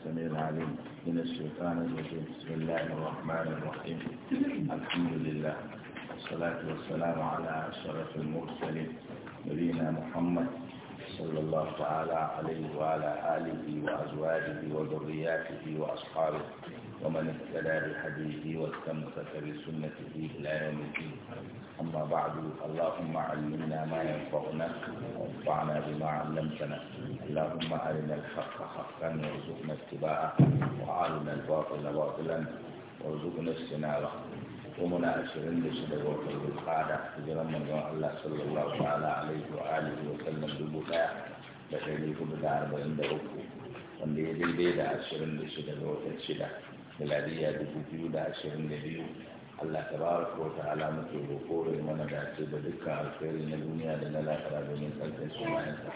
السميع العليم من الشيطان الرجيم بسم الله الرحمن الرحيم الحمد لله والصلاة والسلام على أشرف المرسلين نبينا محمد صلى الله تعالى عليه وعلى آله وأزواجه وذرياته وأصحابه ومن اهتدى بحديثه واستمسك بسنته إلى يوم الدين أما بعد اللهم علمنا ما ينفعنا وانفعنا بما علمتنا اللهم أرنا الحق حقا وارزقنا اتباعه وأرنا الباطل باطلا وارزقنا اجتنابه ومن أشرين لشدة وفر بالقادة اجرا من الله صلى الله تعالى عليه وآله وسلم بالبكاء لشريك بدار بين دروبه. دي دي دا أشرين لشدة الشده miladiya dubu biyu da ashirin da biyu Allah ta ba ko ta ala muke roƙo da mana dace da dukkan alkhairi na duniya da na lafiya domin tsarkin sunayensa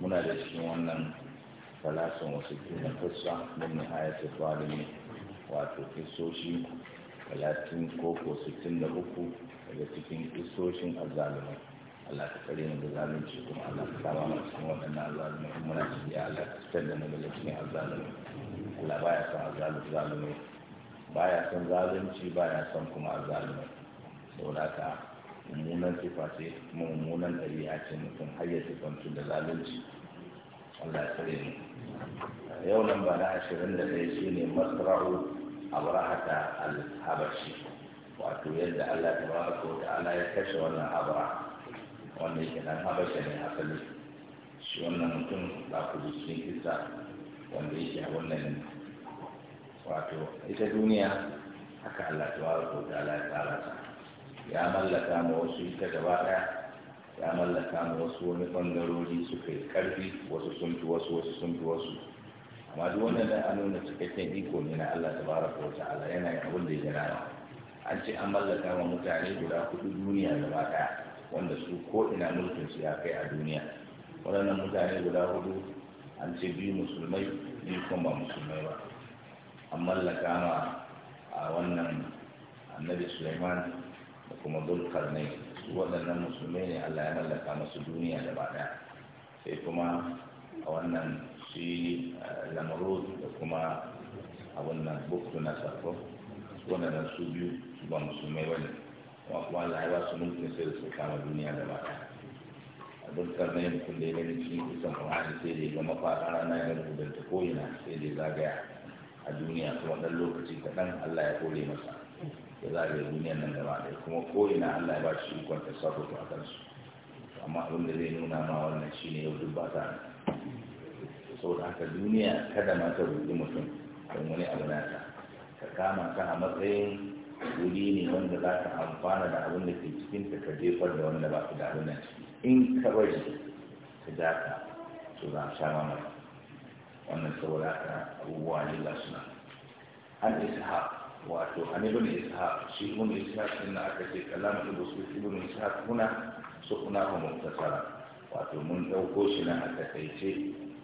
muna da cikin wannan salasin wasu na fusa min nihayat zalimi wato kisoshi talatin koko ko sittin da uku daga cikin kisoshin azzalimai Allah ta kare mu da zalunci kuma Allah ta kama mu cikin waɗannan azzalimai muna cikin Allah ta fitar da mu daga cikin azzalimai Allah baya son azalimi zalimi baya son zalunci baya son kuma azalimi saboda ka mummunan sifa ce mummunan ɗabi'a ce mutum har ya sifantu da zalunci Allah ya tsare mu yau nan ba na ashirin da ɗaya shi ne masra'u abrahata al-habashi wato yadda Allah ta ko ta ta'ala ya kashe wannan abra wanda yake nan habasha ne asali shi wannan mutum za ku ji cikin kisa wanda yake a wannan wato ita duniya haka Allah wa ko ta Allah ta ya mallaka mu wasu ita gaba ɗaya ya mallaka mu wasu wani bangarori suka yi karfi wasu sun fi wasu wasu sun fi wasu amma duk wannan da an nuna cikakken iko ne na Allah tabaraka wa ta'ala yana yin abin da ya gana an ce an mallaka ma mutane guda hudu duniya gaba daya wanda su ko ina mulkin su ya kai a duniya waɗannan mutane guda hudu an ce biyu musulmai ne kuma ba musulmai ba an mallaka ma a wannan annabi suleiman da kuma dulkar ne su waɗannan musulmai ne allah ya mallaka masu duniya da ba ɗaya sai kuma a wannan shi eh, lamaru da kuma a wannan buktu na sarko waɗannan su biyu su ba musulmai ba ne kuma allah ya ba su mulkin sai da su kama duniya da ba ɗaya abubakar na yin kulle ya gani cikin kusan wani sai da ya gama fara rana ya rubutanta ko ina sai dai ya zagaya a duniya kuma ɗan lokaci kaɗan allah ya kore masa ya zagaya duniyan nan gaba ɗaya kuma ko ina allah ya ba shi ikon ta sarrafa a kansu amma abin da zai nuna ma wannan shine yau duk ba ta saboda haka duniya kada ma ta rubuta mutum don wani abu nata ka kama ka a matsayin wuri ne wanda za ka amfana da abin da ke cikin ka jefar da wanda ba su da abin nan in ka bari ka daka to za a sha mana wannan saboda haka abubuwa ne ga suna an isa ha? wato an ibn ha? shi ibn ishaq din da aka ce kalama ibn sufi ibn ishaq kuna su kuna ko muktasara wato mun ɗauko shi na aka kaice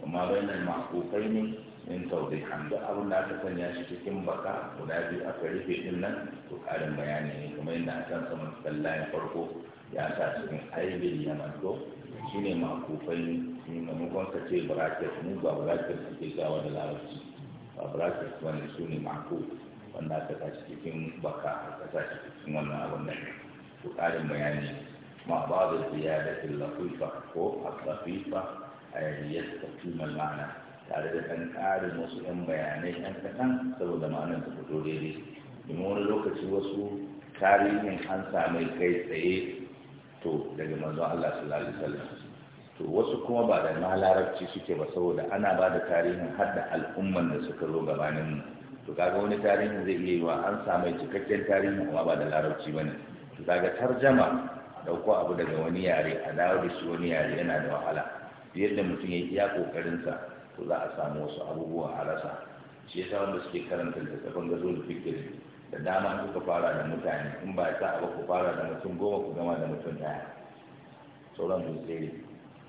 kuma bainal ma'qufai ne in tauri hamdu abin da aka sanya shi cikin baka guda biyu aka rufe din nan to ƙarin bayani ne kamar yadda a kan saman sallah farko ya sa cikin aibin ya ko shi ne makufai ne maimakon ka ce bracket mu ba bracket ke gawa da larabci ba bracket wanda su ne mako wanda aka sa cikin baka aka sa cikin wannan abin da nan to ƙarin bayani ma ba da ziyadatin lafifa ko a lafifa a yayyar tafimar tare da ɗan ƙarin wasu ɗan bayanai ɗan kaɗan saboda ma'anar ta fito daidai domin wani lokaci wasu tarihin an sami kai tsaye to daga manzon Allah sallallahu alaihi wasallam to wasu kuma ba da ma suke ba saboda ana ba da tarihin hadda al'umman da suka zo gabanin to kaga wani tarihin zai iya yiwa an samu cikakken tarihin amma ba da larabci bane to kaga tarjama dauko abu daga wani yare a dawo da shi wani yare yana da wahala da mutum ya iya kokarin sa to za a samu wasu abubuwa a rasa shi yasa wanda suke karanta littattafan gazo da fikir da dama kuka fara da mutane in ba sa ba ku fara da mutum goma ku gama da mutum daya sauran su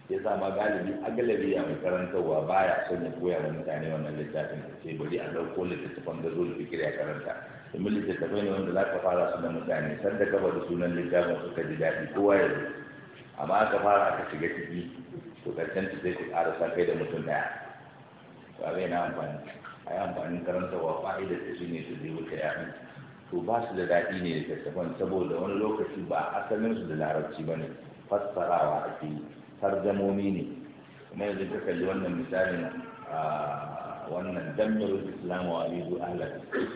ya sa ma galibi a galibi a mai karantarwa baya son ya koya wa mutane wannan littafin ce bari a ɗauko littattafan da zo da fikir ya karanta domin littattafai ne wanda za ka fara su da mutane sanda ka da sunan littafin suka ji daɗi kowa ya zo amma aka fara aka shiga ciki to karshen sai ku sa kai da mutum daya ba zai na amfani a yi amfanin karantarwa fa'idar ta shi ne su zai wuce ya to ba su da daɗi ne da littattafan saboda wani lokaci ba asalin su da larabci ba ne fassarawa fi har tarjamomi ne kuma yanzu ka kalli wannan misalin a wannan damar islamu wa alizu ahlar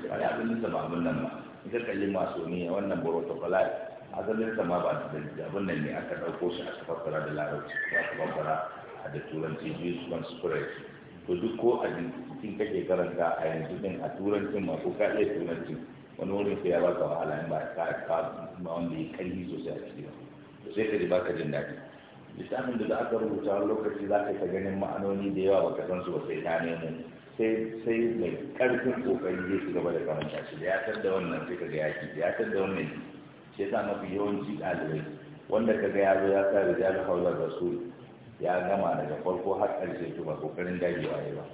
wani abin da ba abin nan ba in ka kalli masu ne wannan protocolat asalin sa ma ba da abin nan ne aka ɗauko shi aka fassara da larabci aka fassara da turanci su one spirit to duk ko a cikin kake karanta a yanzu din a turancin ma ko ka iya turancin wani wurin ya ba ka wahala in ba ka ka ma wanda ya karfi sosai a cikin ba to sai ka ji ba ka jin daɗi lissafin da za aka rubuta wani lokaci za ka ta ganin ma'anoni da yawa baka san su ba sai ta nemo sai sai mai karfin kokari zai ci gaba da karanta shi da ya san wannan sai ka ga yaki da ya san da wannan shi yasa mafi yawanci ɗalibai wanda ka ga ya zo ya sa rijal da su ya gama daga farko har ƙarshe to ba kokarin dagewa ya ba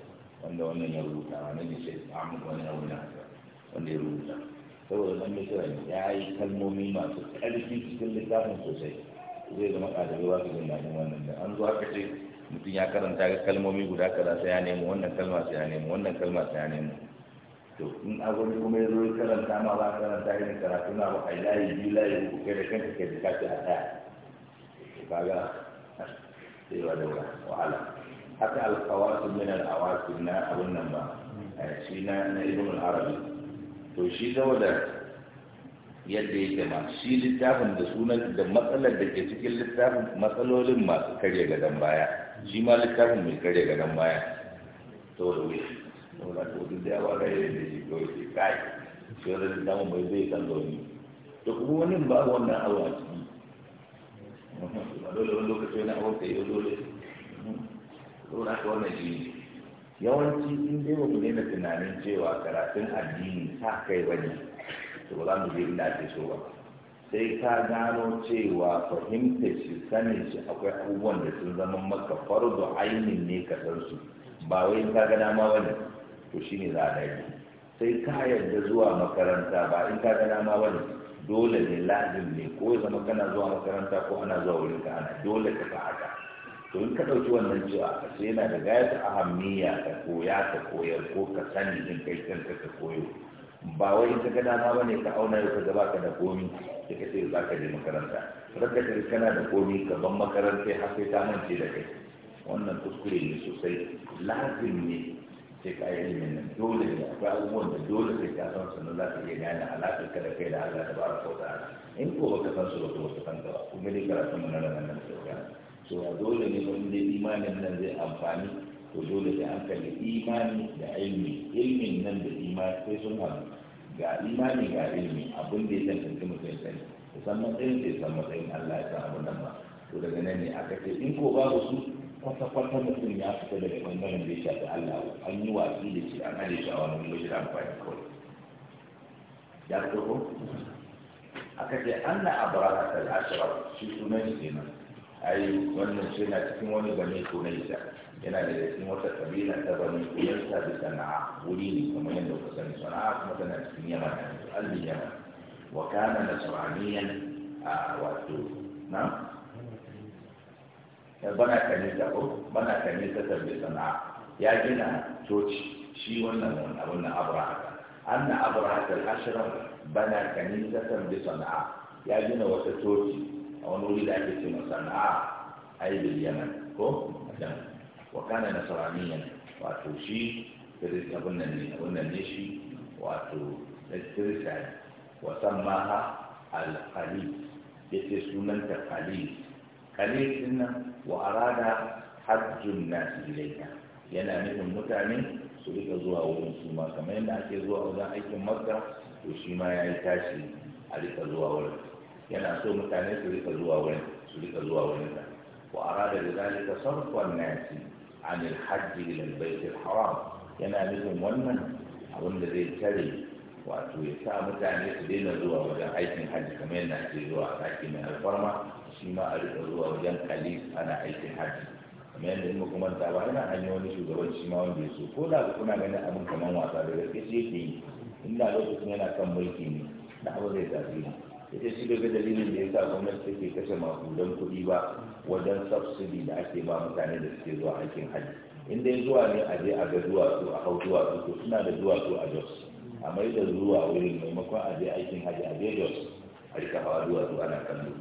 wanda wannan ya rubuta wannan ne sai amma wannan ya rubuta wanda ya rubuta saboda nan misran ya yi kalmomi masu ƙarfi cikin littafin sosai zai zama ƙadarewa su zai yanin wannan da an zo aka ce mutum ya karanta ga kalmomi guda kaza sai ya nemo wannan kalma sai ya nemo wannan kalma sai ya nemo to in a gwani kuma ya zo ya karanta ma ba karanta irin karatu na ba a yi layi biyu layi uku kai da kanka kai da kace a ɗaya kaga sai ba da wahala haka alkawasin min al-awasin na abun nan ba eh, shi na ibn al-arabi to shi gaba da yadda yake ma shi littafin da sunan da matsalar da ke cikin littafin matsalolin masu karya gadon baya shi ma littafin mai karya gadon baya to da wuya nuna da to duk da yawa da yadda shi to shi kai shi wani littafin bai zai kan ni to kuma wani ba wannan abu a ciki a dole wani lokaci wani abu ta yi dole to ta ka wannan shi ne yawanci in dai mu na tunanin cewa karatun addini sa kai wani to ba za mu je inda ake so ba sai ka gano cewa fahimtar shi sanin shi akwai abubuwan da sun zama maka farzo ainihin ne ka san su ba wai ka ga dama ne to ne za a yi sai ka yarda zuwa makaranta ba in ka ga dama ne dole ne lazim ne ko ya zama kana zuwa makaranta ko ana zuwa wurin ka ana dole ka ka haka to ka ɗauki wannan cewa a sai yana da ta ahammiya ka koya ka koyar ko ka sani in kai kan ka koyo ba wai in ka ga dama bane ka auna ka gaba ka da komi da ka ce za ka je makaranta ranka ka kana da komi ka ban makaranta har sai ta mance da kai wannan kuskure ne sosai lazim ne sai ka yi ilimin nan dole ne akwai abubuwan da dole sai ka san su za ka iya gane alaƙar ka da kai da Allah da ba ka in ko baka san su ba ko ka san ka ba kuma dai karatun mu nan nan sai cewa dole ne wanda imanin nan zai amfani to dole da an kalli imani da ilmi ilmin nan da imani sai sun haɗu ga imani ga ilmi abin da ya tantance mutum sani musamman san matsayin da ya san matsayin Allah ya san abin nan ba to daga nan ne aka ce in ko babu su kwata-kwata mutum ya fita daga ɓangaren da ya shafi Allah an yi watsi da shi an hade shi a wani da amfani kawai ya fito ko aka ce an na abu da ashirar shi sunan shi kenan ai wannan shi na cikin wani bane kunaita yana da cikin wata kabila ta bane kunaita da sana'a wuri ne kamar yadda kuka sani sana'a kuma tana cikin yaman yanzu albin yaman wa kana nasraniyan a wato na bana kanita ko bana kanita ta bi sana'a ya gina coci shi wannan abun na abrahaka anna abrahaka al-ashram bana kanita ta bi sana'a ya gina wata coci a wani da ake ce masa na aibil yaman ko a can wa kana wato shi abin nan ne nan ne shi wato kirista ne wasan maha al ya yace sunanta khalid khalid din nan wa arada hajjun nas yana nufin mutane su rika zuwa wurin su ma kamar yadda ake zuwa wajen aikin makka to shi ma ya yi tashi a rika zuwa wurin yana so mutane su rika zuwa wurin su rika zuwa wurin sa wa arada da zalika sarfan nasi an alhajj ila albayt alharam yana nufin wannan abin da zai tare wato ya sa mutane su daina zuwa wajen aikin hajji kamar yadda ake zuwa a mai alfarma shi ma a rika zuwa wajen kali ana aikin hajji kamar yadda in kuma ta ba yana hanyar wani shugaban shi ma wanda ya so ko da kuna ganin abin kamar wasa da gaske shi yake yi inda lokacin yana kan mulki ne da abu zai ne. ita shi daga dalilin da ya sa gwamnati take kashe makudan kuɗi ba wajen subsidy da ake ba mutane da suke zuwa aikin hajji in dai zuwa ne a je a ga duwatsu a hau duwatsu to suna da duwatsu a jos a mai da zuwa wurin maimakon a je aikin hajji a je jos a rika hawa duwatsu ana duk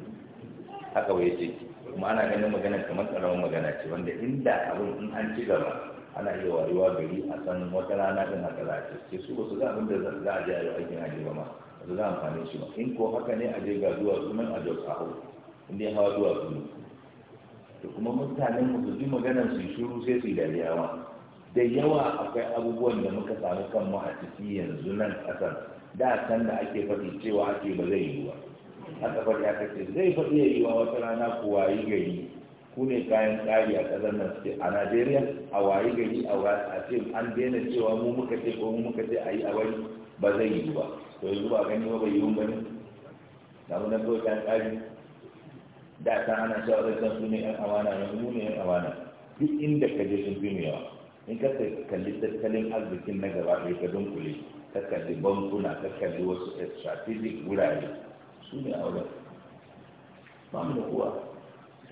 haka wai ce kuma ana ganin magana kamar karamin magana ce wanda inda abin in an ci gaba ana iya warewa gari a san wata rana din haka za a ce su ba su ga abin da za a je a yi aikin hajji ba ma ba za a amfani shi ba in ko haka ne a je ga duwatsu nan a jos a hau in dai hawa duwatsu ne to kuma mutanen mu su ji maganar su shiru sai su yi dariyawa da yawa akwai abubuwan da muka samu mu a ciki yanzu nan kasar da can da ake faɗi cewa ake ba zai yi ba haka faɗi aka ce zai faɗi ya yi wa wata rana ku wayi gari ne kayan tsari a ƙasar nan suke a najeriya a wayi gari a ce an daina cewa mu muka ce ko mu muka ce a yi a wani ba zai yi ba to yanzu ba gani ba bai yi ba ne na mu na kawai ta tsari da ta ana cewa zai san su ne yan amana ne mu ne yan amana duk inda ka je sun fi mu yawa in ka kalli tattalin arzikin na gaba ɗaya ka dunkule ka kalli bankuna ka kalli wasu strategic wurare su ne a wurin ba mu da kowa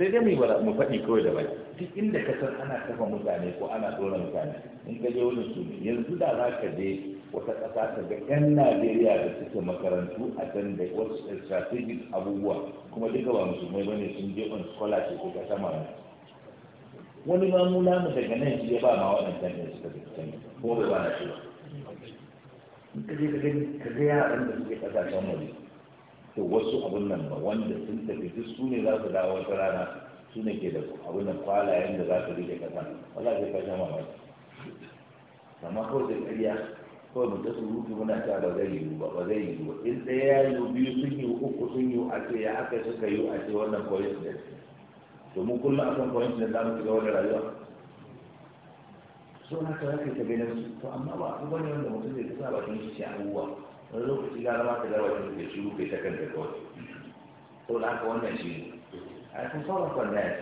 sai dai mu faɗi kawai da bai duk inda ka san ana kafa mutane ko ana ɗora mutane in ka je wurin su ne yanzu da za ka je wata ƙasa ta ga 'yan najeriya da suke makarantu a can da wasu strategic abubuwa kuma duka ba musulmai bane sun je on scholarship ko ƙasa ma wani ma mu namu daga nan shi ya ba ma waɗancan ne suka fi can ko bai ba na shi ba in ka je ka ka ga yaran da suke ƙasashen waje to wasu abun nan ba wanda sun tafi duk su ne za su dawo wata rana su ne ke da abun nan kwalayen da za su rike ƙasa wala zai kashe mamaki amma kawai da ƙarya kawai mu ta surutu muna ta ba zai yiwu ba ba zai yiwu ba in ɗaya ya yiwu biyu sun yiwu uku sun yiwu a ce ya aka suka yiwu a ce wannan coincidence to mu kullum akan coincidence za mu shiga wani rayuwa so na ta zaka ta ganin su to amma ba ku bane wanda mutum zai kasa ba shi shi abubuwa wani lokaci gara ma ta gara shi ke shiru kai ta kanta kawai to da haka wannan shi a kun sarrafa nas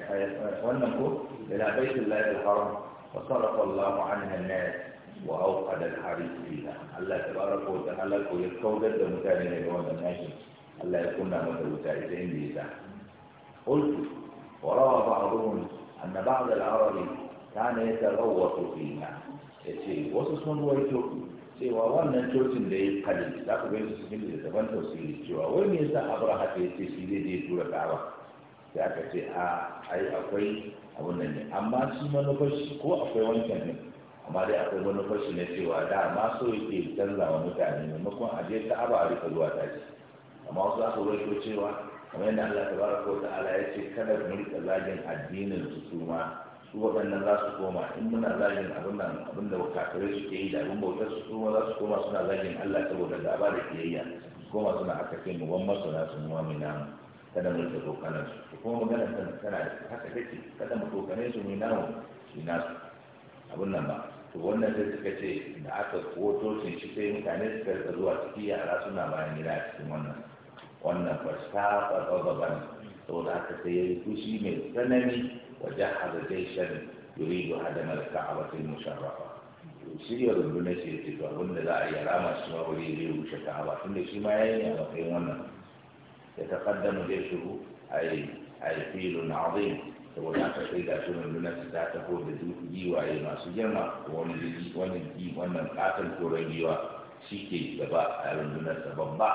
wannan ko ila baitul lahi al-haram wa sarrafa Allahu anha an-nas wa auqada al-haris fiha Allah tabaraka wa ta'ala ko ya kaudar da mutane daga wannan yaki Allah ya kunna masa wuta idan bai da qultu wa rawa ba'dhum anna ba'd al-arab kana yatarawwatu fiha yace wasu sun ruwaito cewa wannan cocin da ya kalli za ku gani su cikin littattafan tausiri cewa wai me yasa abraha ta yace shi zai je tura ka'aba sai aka ce a ai akwai abun nan ne amma shi manufar shi ko akwai wancan ne amma dai akwai manufar shi na cewa da ma so yake canza wa mutane maimakon a je ta aba a rika zuwa ce amma wasu aka ko cewa kamar yadda Allah tabaraka wa ta'ala ya ce kada mu rika zagin addinin su su ma su waɗannan za su koma in muna zagin abin da abin da kafirai suke yi da abin bautar su su za su koma suna zagin Allah saboda gaba da kiyayya koma suna aka kai mu wan masana mu wami namu kada mu rika tsokanar su kuma maganar tana haka take kada mu tsokane su mu namu shi nasu abin nan ba to wannan sai suka ce da aka koto shi shi sai mutane suka rika zuwa ciki yara suna bayan gida a cikin wannan wannan fasta babban saboda haka sai yayi yi fushi mai tsanani wajen hazardai shan yuridu hadamar ka'abatul musharrafa shirya rundunar shi ya ce to abinda za a yi rama shi ma wuri zai rushe tun da shi ma ya yi a matsayin wannan ya taƙaddama zai shigo a yi filin azim saboda aka sai ga shi rundunar su ta taho da giwaye masu girma wani wannan wannan katon koren giwa shi ke gaba a rundunar sa babba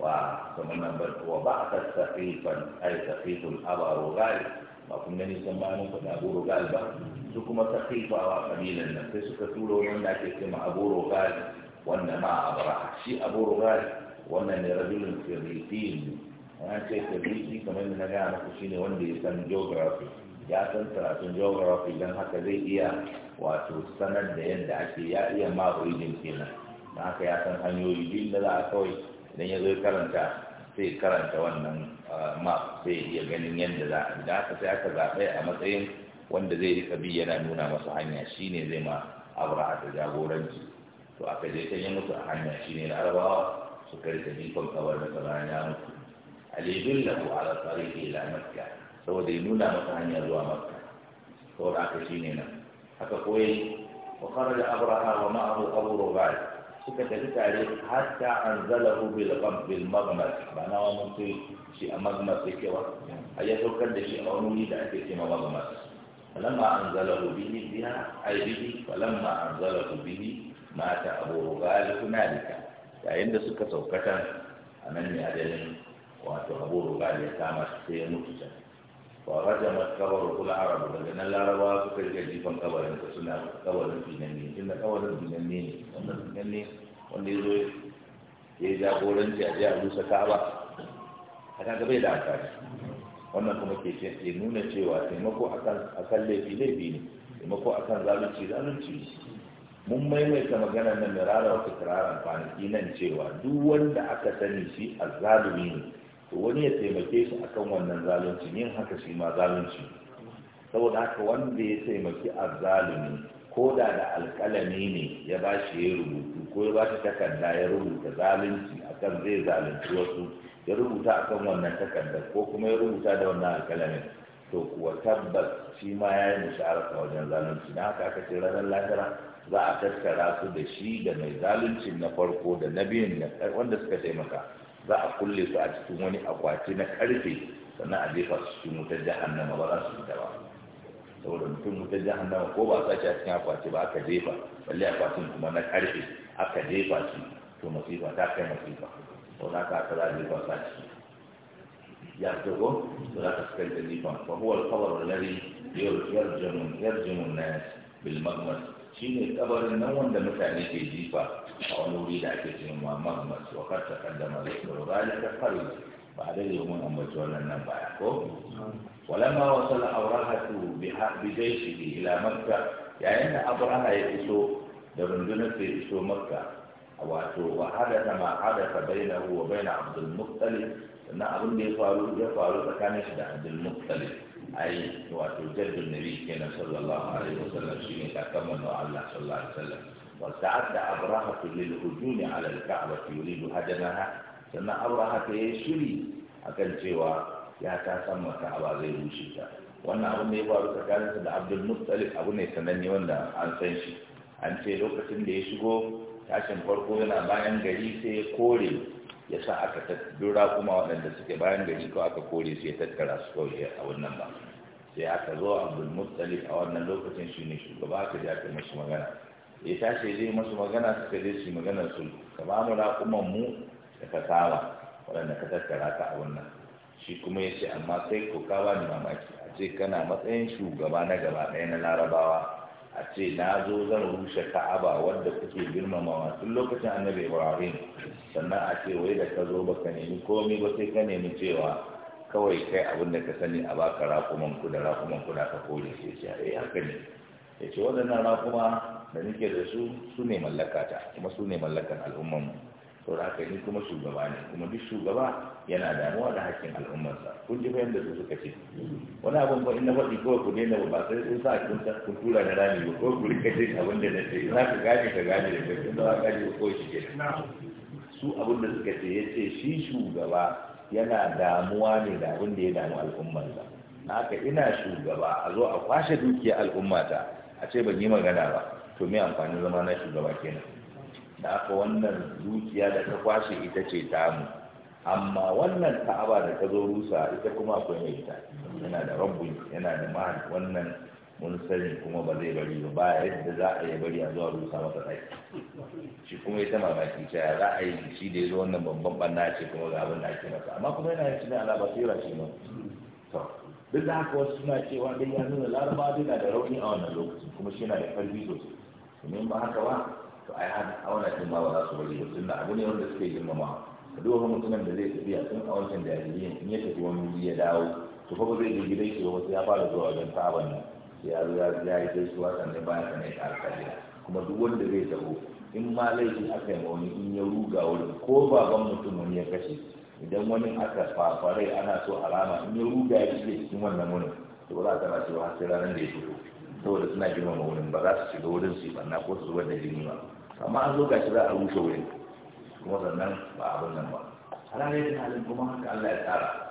wa kamar nan ba wa ba a ta safifan ai safifun abaro gari ba kun gani sun ba mun faɗa aboro gari ba su kuma safifawa kabilan nan sai suka turo wanda ake kima aboro gari wanda ma a shi aboro gari wannan ne rajulun sirrifin ya ce tabi'i kamar da na gaya maku shine wanda ya san geography ya san karatun geography don haka zai iya wato sanar da yadda ake ya iya ma origin kenan na haka ya san hanyoyi duk da za a kawai idan ya zo karanta sai karanta wannan ah, map sai iya ganin yadda za a da haka sai aka zaɓe a matsayin wanda zai rika bi yana nuna masa hanya shine zai ma abraha da jagoranci to aka je ta yi musu a hanya shine larabawa suka rika jifan kawar da kabarin ya mutu liyadullahu ala tariqi ila makka saboda ya nuna masa hanyar zuwa makka saboda shi ne nan haka koyi wa kharaja abraha wa ma'ahu abu rubai suka tafi tare hatta anzalahu bil qab bil maghmas bana na wa mutu shi a maghmas yake wa a ya da shi a wani wuri da ake cewa maghmas falamma anzalahu bihi biha ay bihi falamma anzalahu bihi mata abu rubai hunalika yayin da suka saukata a nan ne adalin wato abu rugal ya kama shi sai ya mutu can wa raja mat kabaru kula arabu daga nan larabawa suka riga jifan kabarin ka suna kabarin binanne tunda kabarin binanne ne wanda binanne wanda ya zo ya jagoranci a jiya rusa kaba. a kan gaba da ce. wannan kuma ke ke nuna cewa taimako kan laifi laifi ne taimako a kan zalunci zalunci mun maimaita magana na mirara wata kiraran kwanaki nan cewa duk wanda aka sani shi azzalumi ne to wani ya taimake shi akan wannan zalunci, yin haka shi ma zalunci saboda haka wanda ya taimaki azzalumi ko da da alƙalami ne ya ba shi ya rubutu ko ya ba shi takarda ya rubuta zalunci akan zai zalunci wasu ya rubuta akan wannan takardar ko kuma ya rubuta da wannan alƙalamin to kuwa tabbas shi ma ya yi a wajen zalunci na haka aka ce ranar lahira za a tattara su da shi da mai zalunci na farko da na biyun wanda suka taimaka za a kulle su a cikin wani akwati na karfe sannan a jefa su cikin wutar jahannama ba za su fita ba saboda mutum wutar jahannama ko ba a sace a cikin akwati ba aka jefa balle akwatin kuma na karfe aka jefa su, to masifa ta kai masifa to na ka za a jefa su a ciki ya ko to za ka suka da jifan fa huwa alkawar lari yau yarjamun yarjamun na bil magmas shine kabarin nan wanda mutane ke jifa a wani wuri da ake cin muhammad masu wakar ta kaddama da su ta faru ba a dade mun ambaci wannan nan ba ko walamma wasala aurahatu bi ke ila makka yayin da abraha ya iso da rundunar ta iso makka wato wa hadatha ma hadatha bainahu wa bain abdul muttalib sannan abin da ya faru tsakanin shi da abdul muttalib Ayi, wato jaddun nabi kenan sallallahu alaihi wasallam shine kakan manzo Allah sallallahu alaihi wasallam واستعد أبرهة للهجوم على الكعبة يريد هدمها سنة أبرهة يشري أكن سوى يا تسمى كعبة زي وشيتا wannan abin ne ya ka tsakaninsa da abdul muttalib abu ne sananne wanda an san shi an ce lokacin da ya shigo tashin farko yana bayan gari sai ya kore ya sa aka tattura kuma waɗanda suke bayan gari ko aka kore su ya tattara su kawai a wannan ba sai aka zo abdul muttalib a wannan lokacin shi ne shugaba ka ja ka masu magana ya tashi zai masu magana suka je su magana su ba mu raƙuman mu da fasawa waɗanda ka tattara ka a wannan shi kuma ya ce amma sai ko ka bani mamaki a ce kana matsayin shugaba na gaba ɗaya na larabawa a ce na zo zan rushe ka'aba wadda kuke girmamawa tun lokacin annabi ibrahim sannan a ce wai da ka zo ba ka nemi komai ba sai ka nemi cewa kawai kai abin da ka sani a baka rakuman ku da rakuman ku da ka kore su ya ce eh, haka ne ya ce waɗannan rakuma da nake da su su ne mallakata kuma su ne mallakan al'umman mu to da haka ni kuma shugaba ne kuma duk shugaba yana damuwa da hakkin al'ummarsa kun ji fahimta su suka ce wani abin ba na faɗi kawai ku daina ba sai sun sa kun kun tura da rami ba ko ku rika ce abin da na ce za ka gane ka gane da kai kun da ka gane ko shi ke su abin da suka ce ya ce shi shugaba yana damuwa ne da abin da ya damu al'ummarsa na haka ina shugaba a zo a kwashe dukiyar al'ummata a ce ban yi magana ba to me amfani zama na shugaba kenan da haka wannan dukiya da ta kwashe ita ce tamu amma wannan ta'aba da ta zo rusa ita kuma akwai mai ita yana da rabbi yana da mahal wannan mun sani kuma ba zai bari ba baya yadda za a yi bari a zuwa rusa masa ɗaki shi kuma ita mamaki ce za a yi shi da ya zo wannan babban banna ce kuma ga abin da ake masa amma kuma yana yin shi ne ala basira shi ne to duk da haka wasu suna cewa dai ya nuna laraba duna da rauni a wannan lokacin kuma shi yana da karfi sosai domin ba haka ba to ai har a wannan ɗin ma ba za su bari ba tunda abu ne wanda suke girmama ka wani mutumin da zai tafiya tun a wancan jahiliyyar in ya tafi wani ya dawo to fa ba zai je gidan shi ba sai ya fara zuwa wajen sabon nan ya ya yi gaisuwa sannan bayan sannan ya alƙalila kuma duk wanda zai taho in ma laifi aka yi wani in ya ruga wani ko baban mutum wani ya kashe idan wani aka fafarai ana so alama in ya ruga ya shige cikin wannan wurin to ba za ta ba cewa sai ranar da ya fito saboda suna ma wurin ba za su shiga wurin su yi barna ko su zubar da jini ba amma an zo shi za a rushe wurin kuma sannan ba abin nan ba ranar da halin kuma haka Allah ya tsara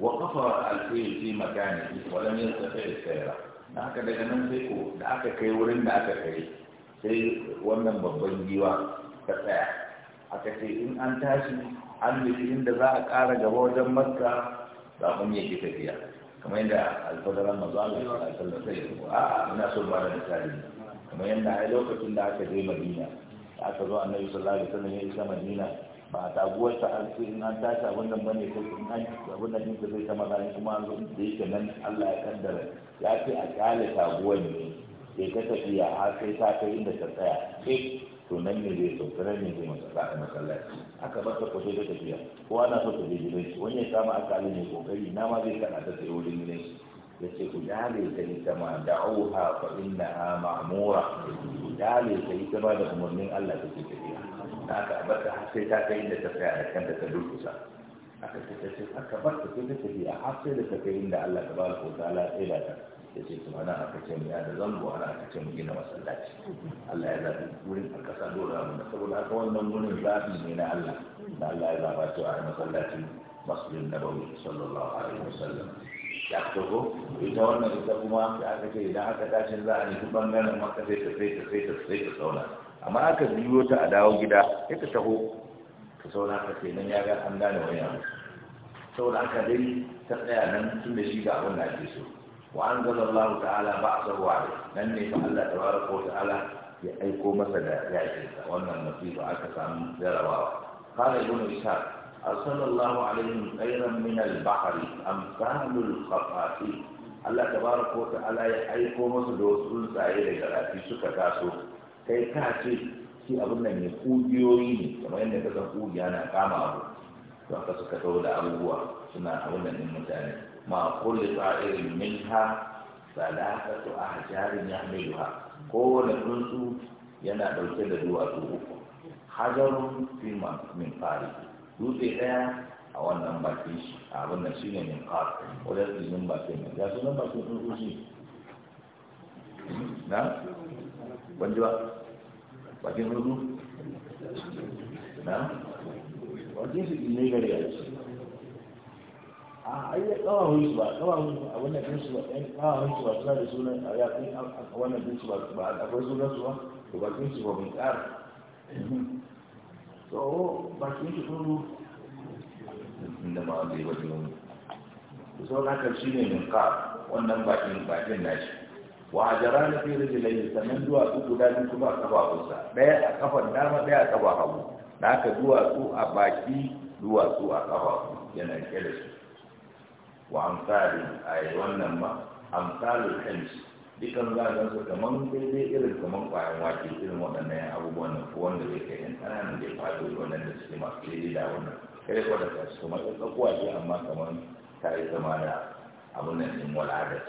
وقف الفيل في مكانه ولم يستطع السيرة haka daga nan sai ko da aka kai wurin da aka kai sai wannan babban giwa ta tsaya aka ce in an tashi an nufi inda za a ƙara gaba wajen makka ba ya yake tafiya kamar yadda alfadaran mazu yi ya sallar sai a ina so ba da misali kamar yadda a lokacin da aka je madina aka zo annabi sallallahu alaihi wasallam ya isa madina ba a taguwar ta ce in an tashi abin nan bane ko in an abin nan ɗinsa zai kama zai kuma an zo da yake nan Allah ya kaddara ya ce a kyale taguwar ne ke ta tafiya har sai ta kai inda ta tsaya Ke? Eh, to nan ne zai sauka nan ne zai masa a masallaci aka bar ta kwaso ta tafiya kowa na so ta je gidan shi wani ya kama akali ne kokari na ma zai kana ta tsaye wurin gidan shi ya ce ku dale ta ita ma da da'uha fa innaha ma'mura ku dale ta ita ma da umarnin Allah take tafiya da aka abata har sai ta kai inda ta tsaya da kanta ta durkusa aka ce ta ce aka bar ta ta tafi a har sai da ta kai inda Allah ta bada ko ta ala tsaye ta ta ce kuma nan aka ce mu ya da zambo ana aka ce mu gina masallaci Allah ya zaɓi wurin a ƙasa dora mu saboda haka wannan wurin zaɓi ne na Allah da Allah ya zaɓa cewa a masallaci masjidin nabawi sallallahu alaihi wasallam ya fito ita wannan ita kuma aka ce idan aka tashin za a nufi bangaren maka sai ta sai ta sai ta sai ta sauna amma aka biyo ta a dawo gida ya ta taho ta sauran ka sai nan ya ga an gane wani abu saboda aka dai ta tsaya nan tun da shi ga abin da ake so wa an zala Allah ta'ala ba a sarwa nan ne fa Allah tabaraka wa ta'ala ya aiko masa da ya ta. wannan musiba aka samu jarabawa قال isa arsala Allah الله عليهم min من البحر أمثال الخفافير Allah tabaraka wa ta'ala ya aiko masa da wasu tsuntsaye da garafi suka taso kai ka ce shi abin nan ne kugiyoyi ne kamar yadda ka san kugiya na kama abu to aka suka dau da abubuwa suna abin nan ɗin mutane ma kulli fa'irin minha ya ahjarin ha kowane tsuntsu yana ɗauke da duwatsu uku hajarun fi min fari dutse ɗaya a wannan bakin shi a abin nan ne min qar wajen tsinin bakin nan ya nan bakin tsuntsu shi na ban ba bakin rudu na bakin su ne gari a ciki a ayyar kawahun su ba kawahun a wannan su ba ɗan kawahun su ba suna da a su ba ba akwai su ba to bakin su so bakin su rudu da ma wanda ya wajen wani so na karshe ne mun ƙara wannan bakin bakin nashi wa hajarani fi rijlaihi sannan duwatsu guda biyu kuma a kafafunsa ɗaya a kafan dama ɗaya a kafa hagu da aka duwatsu a baki duwatsu a kafafu yana rike da su wa amsali a wannan ma amsalul kanci dukan zagan su kaman daidai irin kaman kwayan wake irin waɗannan abubuwan nan ko wanda zai kai yan ƙananan da ya wannan da suke masu daidai da wannan kai kwaɗa su kuma ɗan ɗakuwa ce amma kaman ta yi zama da abin nan ɗin wal'adar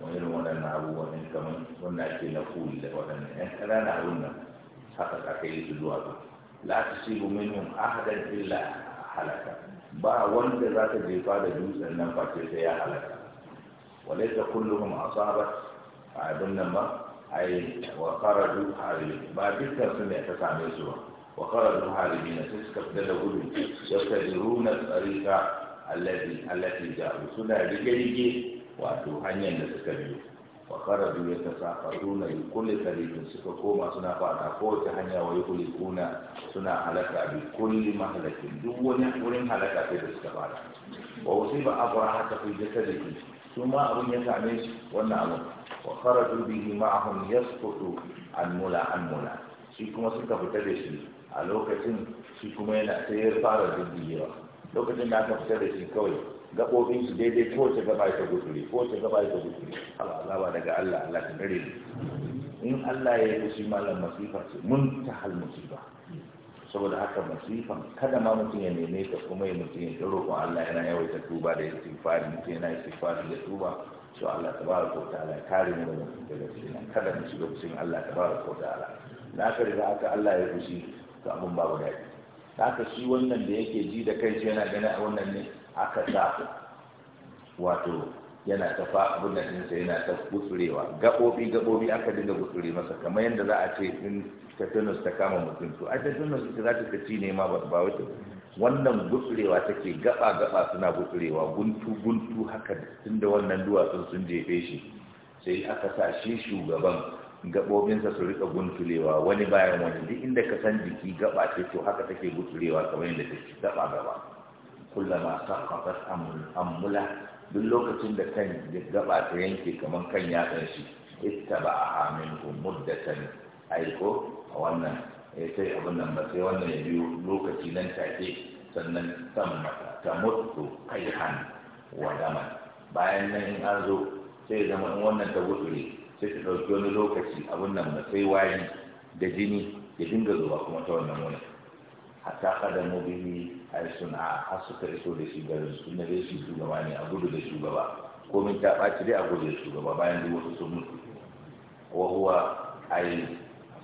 wani irin waɗannan abubuwan ne kamar wannan ke na kuli da waɗannan yan ƙanana abun nan haka aka yi su zuwa ba la tusibu a hada illa halaka ba wanda za ta jefa da dutsen nan ce sai ya halaka a kulluhum a abin nan ba a yi wa duk haribin ba dukkan su ne ta same su ba wa kharaju haribin sai suka fita da gudu na tsarika allati allati ja'u suna rige wato hanyar da suka biyo wa kharaju yatasaqatuna bi kulli tariqin suka koma suna fada kowace hanya wa yi kuna suna halaka bi kulle mahalakin duk wani wurin halaka sai da suka fada wa a fara ta fi su ma abin ya same shi wannan abun wa ma bihi ya yasqutu an mula an mula shi kuma suka fita da shi a lokacin shi kuma yana sai ya fara dubbiyewa lokacin da aka fita da shi kawai gaɓoɓin su daidai ko ta gaba ita gudure ko ta gaba ta gudure azaba daga Allah Allah ta dare ne. in Allah ya yi kusi malam masifa ce mun ta hal musiba saboda haka masifan kada ma mutum ya neme ta kuma ya mutum ya ta roƙon Allah yana yawaita tuba da ya istighfari mutum yana yi istighfari da tuba to Allah ta tabaraka wa ta'ala kare mu daga daga cikin kada mu shiga kusin Allah ta ko ta ala. na ka riga aka Allah ya kusi to abun babu daɗi haka shi wannan da yake ji da kai yana gani a wannan ne aka sa wato yana ta fa abin da yana ta gutsurewa gabobi gabobi aka dinga gutsure masa kamar yadda za a ce in tetanus ta kama mutum to ai tetanus ita za ta ci ne ma ba wata wannan gutsurewa take gaba gaba suna gutsurewa guntu guntu haka tunda wannan duwatsun sun jefe shi sai aka sa shi shugaban gabobinsa su rika guntulewa wani bayan wani duk inda ka san jiki gaba ce to haka take gutsurewa kamar yadda take gaba gaba kullama saqqatat amul amula duk lokacin da kan ya gaba ta yanke kamar kan ya shi amin minhu muddatan aiko a wannan ya eh, sai abin nan ba sai wannan ya biyo lokaci nan take sannan mata. ta mutu kaihan wa daman bayan nan in an zo sai zama in wannan ta gudure sai ta ɗauki wani lokaci abin nan ba sai wayi da jini ya dinga zuwa kuma ta wannan wani hatta mu bi ai suna har suka iso da shi garin su ne dai shi shugaba ne a gudu da shugaba komin ta ɓaci dai a gudu da shugaba bayan duk wasu sun mutu wa huwa ai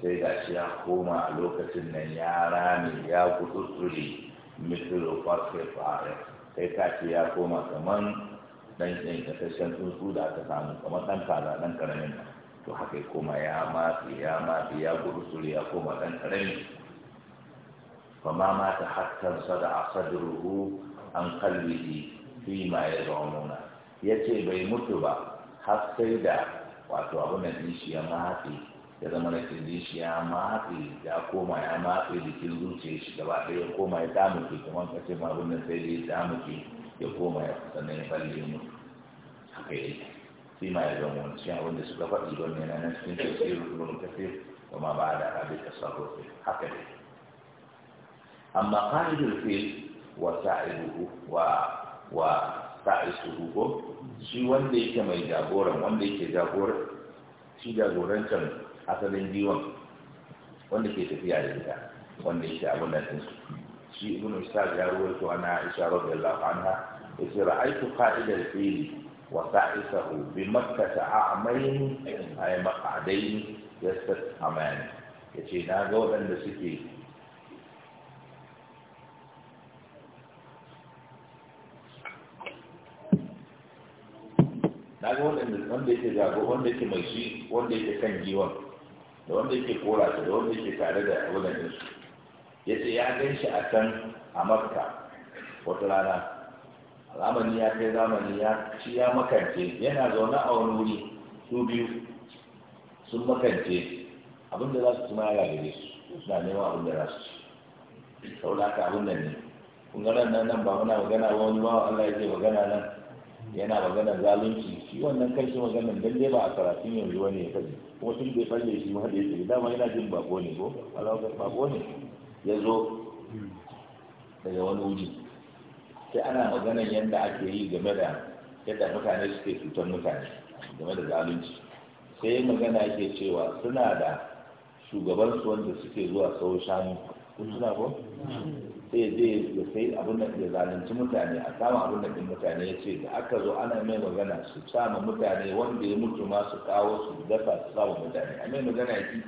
sai ga shi ya koma a lokacin nan ya rame ya gutsutsuri mitul fasir fare sai ka ce ya koma kaman dan yankatashen tsuntsu da aka samu kamar dan kaza dan karamin to haka ya koma ya mafi ya mafi ya ya koma ɗan karamin ta فما مات حتى انصدع fi ma ya فيما Ya ce bai mutu ba har sai da wato abu na dishi ya mafi ya zama da dishi ya mafi ya koma ya mafi jikin zuciya shi gaba ɗaya ya koma ya damuke kuma ka ce abin da sai da ya damuke ya koma ya sannan ya falle mutu haka yake shi ma ya zama wani cikin abin da suka faɗi don yana nan cikin tafsir ibn kafir kuma ba da abin tasarrufi haka ne amma qa'idul fil wa sa'iduhu wa wa sa'isuhu ko shi wanda yake mai jagoran wanda yake jagoran shi jagorantar asalin diwan wanda ke tafiya da ita wanda yake abin da su shi ibnu isa ya ruwaito ana isha radiyallahu anha yace ra'aytu qa'idal fili wa sa'isahu bi makkah a'mayn ay maq'adayn Ya yace na ga waɗanda suke na ga wanda yake zago wanda yake mai shi wanda yake kan giwon da wanda yake kora su da wanda yake tare da wadannan su ya ce ya gan shi a can a makka wata rana zamani ya kai zamani ya ci ya makance yana zaune a wani wuri su biyu sun makance abinda za su ci ma ya gagare su suna neman abinda za su ci da haka abin da ne kun ga nan nan ba muna magana ba wani ba? Allah ya ce magana nan yana magana zalunci shi wannan kai shi maganar dan dai ba a karatun yanzu wani ya kaji kuma tun bai falle shi ma da yake dama yana jin bako ne ko alawaka bako ne ya zo daga wani wuji sai ana maganar yadda ake yi game da yadda mutane suke cutar mutane game da zalunci sai magana ke cewa suna da shugabansu wanda suke zuwa sau shanu kun suna ko sai je ya sai abin da ya zalunci mutane a kama abin da ɗin mutane ya ce da aka zo ana mai magana su sama mutane wanda ya mutu ma su kawo su dafa su sama mutane a mai magana ya ki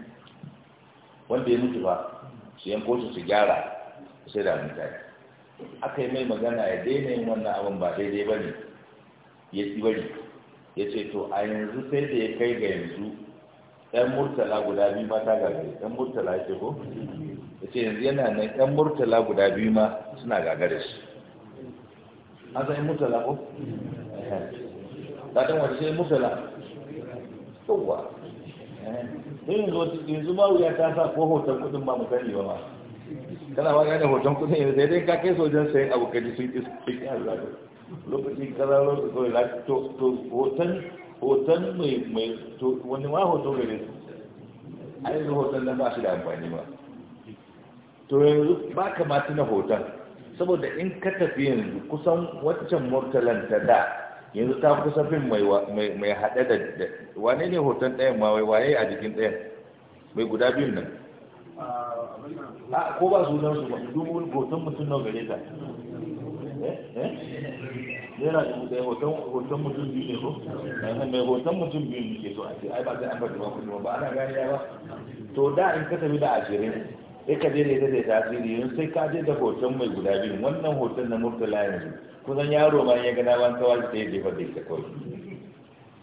wanda ya mutu ba su yanko su su gyara sai da mutane aka yi mai magana ya daina yin wannan abin ba daidai ba ne ya ci bari ya ce to a yanzu sai da ya kai ga yanzu ɗan murtala guda biyu mata gagare ɗan murtala ya ce ko ya ce yanzu yana nan yan murtala guda biyu ma suna gagare shi an san yan murtala ko? ɗaɗan wata sai murtala yawwa don eh, yanzu yanzu ma wuya ta sa ko hoton kudin ba mu sani ba ma kana ba gane hoton kudin yanzu sai dai ka kai sojan sayan abu kaji sun ƙi sun ƙi hazaƙa lokacin kaza lokacin kawai lati to hoton hoton mai mai to wani ma hoton gare su a yanzu hoton nan ba shi amfani ba to yanzu ba ka ma hoton saboda in ka tafi yanzu kusan waccan murtalan ta da yanzu ta kusa fin mai haɗe da wane ne hoton ɗayan ma wai waye a jikin ɗayan mai guda biyun nan ah, ah, ko ba su nan su ba dubu hoton mutum nan gare ta eh, eh? naira dubu ɗaya hoton mutum biyu ne ko eh, mai hoton mutum biyu ne ke so a ce ai ba sai an ba ba ana gani ba to da in ka tafi da ashirin sai ka je da zai tasiri yanzu sai ka je da hoton mai guda biyu wannan hoton na murtala yanzu kusan yaro ma ya gana ban kawai ta ya jefa da ita kawai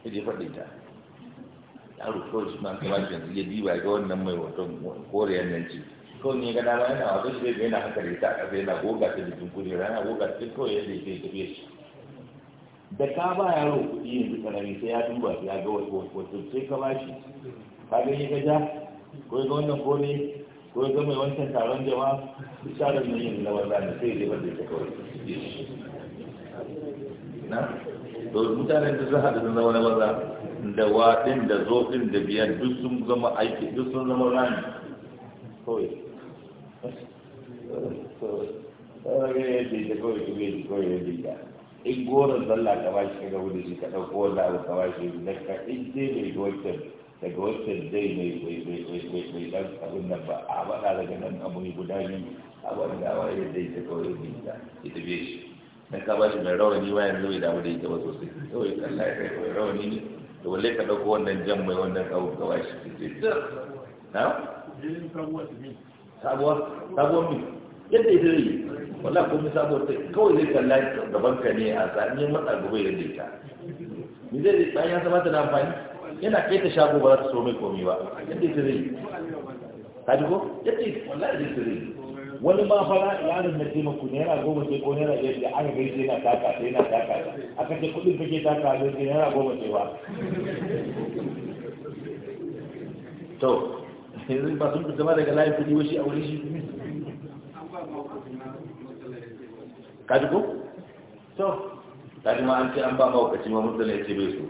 ya jefa da ita yaro kawai shi ma kawai yanzu ya diba ga wannan mai hoton koriyar nan ce kawai gana ma yana wato shi ga yana na da a ƙasa yana goga ta jikin yana goga ta kawai yadda ya ke shi da ka ba yaro kuɗi yanzu sai ya duba ya ga wasu wasu sai ka ba shi ka gani ka ja ko ga wannan ko ya zama wancan taron jama'a misalin mai yin na wanda ne sai ribar da ta kawai na to mutanen da za da zama na maza da waɗin da zofin da biyan duk sun zama aiki duk sun zama rani kawai kawai ya ce ta kawai kuma ya ce kawai ya ce ta in goron zalla ka ba shi ka gabu da shi ka ɗauko wanda abu ka ba shi na ka in ce mai wancan daga wata zai mai dan abin nan ba a bada daga nan abu guda biyu a wanda waye zai ta kawai mai da ita bai shi na ka ba shi mai rawani wayan zai damu da ita ba sosai kawai kalla ya kai kawai rawani ne da wale ka ɗauko wannan jan mai wannan kawo ba shi ke ce na? sabuwa sabuwa mi yadda ita zai yi wala kuma sabuwa ta kawai zai kalla gaban ka ne a sa ne matsa gobe yadda ita ni zai bayan ya samata na amfani yana kai ta shago ba za ta so mai komai ba yadda ita zai ta ji ko yadda ita wallahi ita zai wani ma fara ilanin na ce maku yana goma ce ko naira biyar da aka gai ce na taka sai na taka aka ce kudin kake taka sai ce naira goma ce ba to yanzu ba sun fita ma daga layin kudi wasu a wuri shi kaji ko to kaji ma an ce an ba mawakaci ma mutane ya ce bai so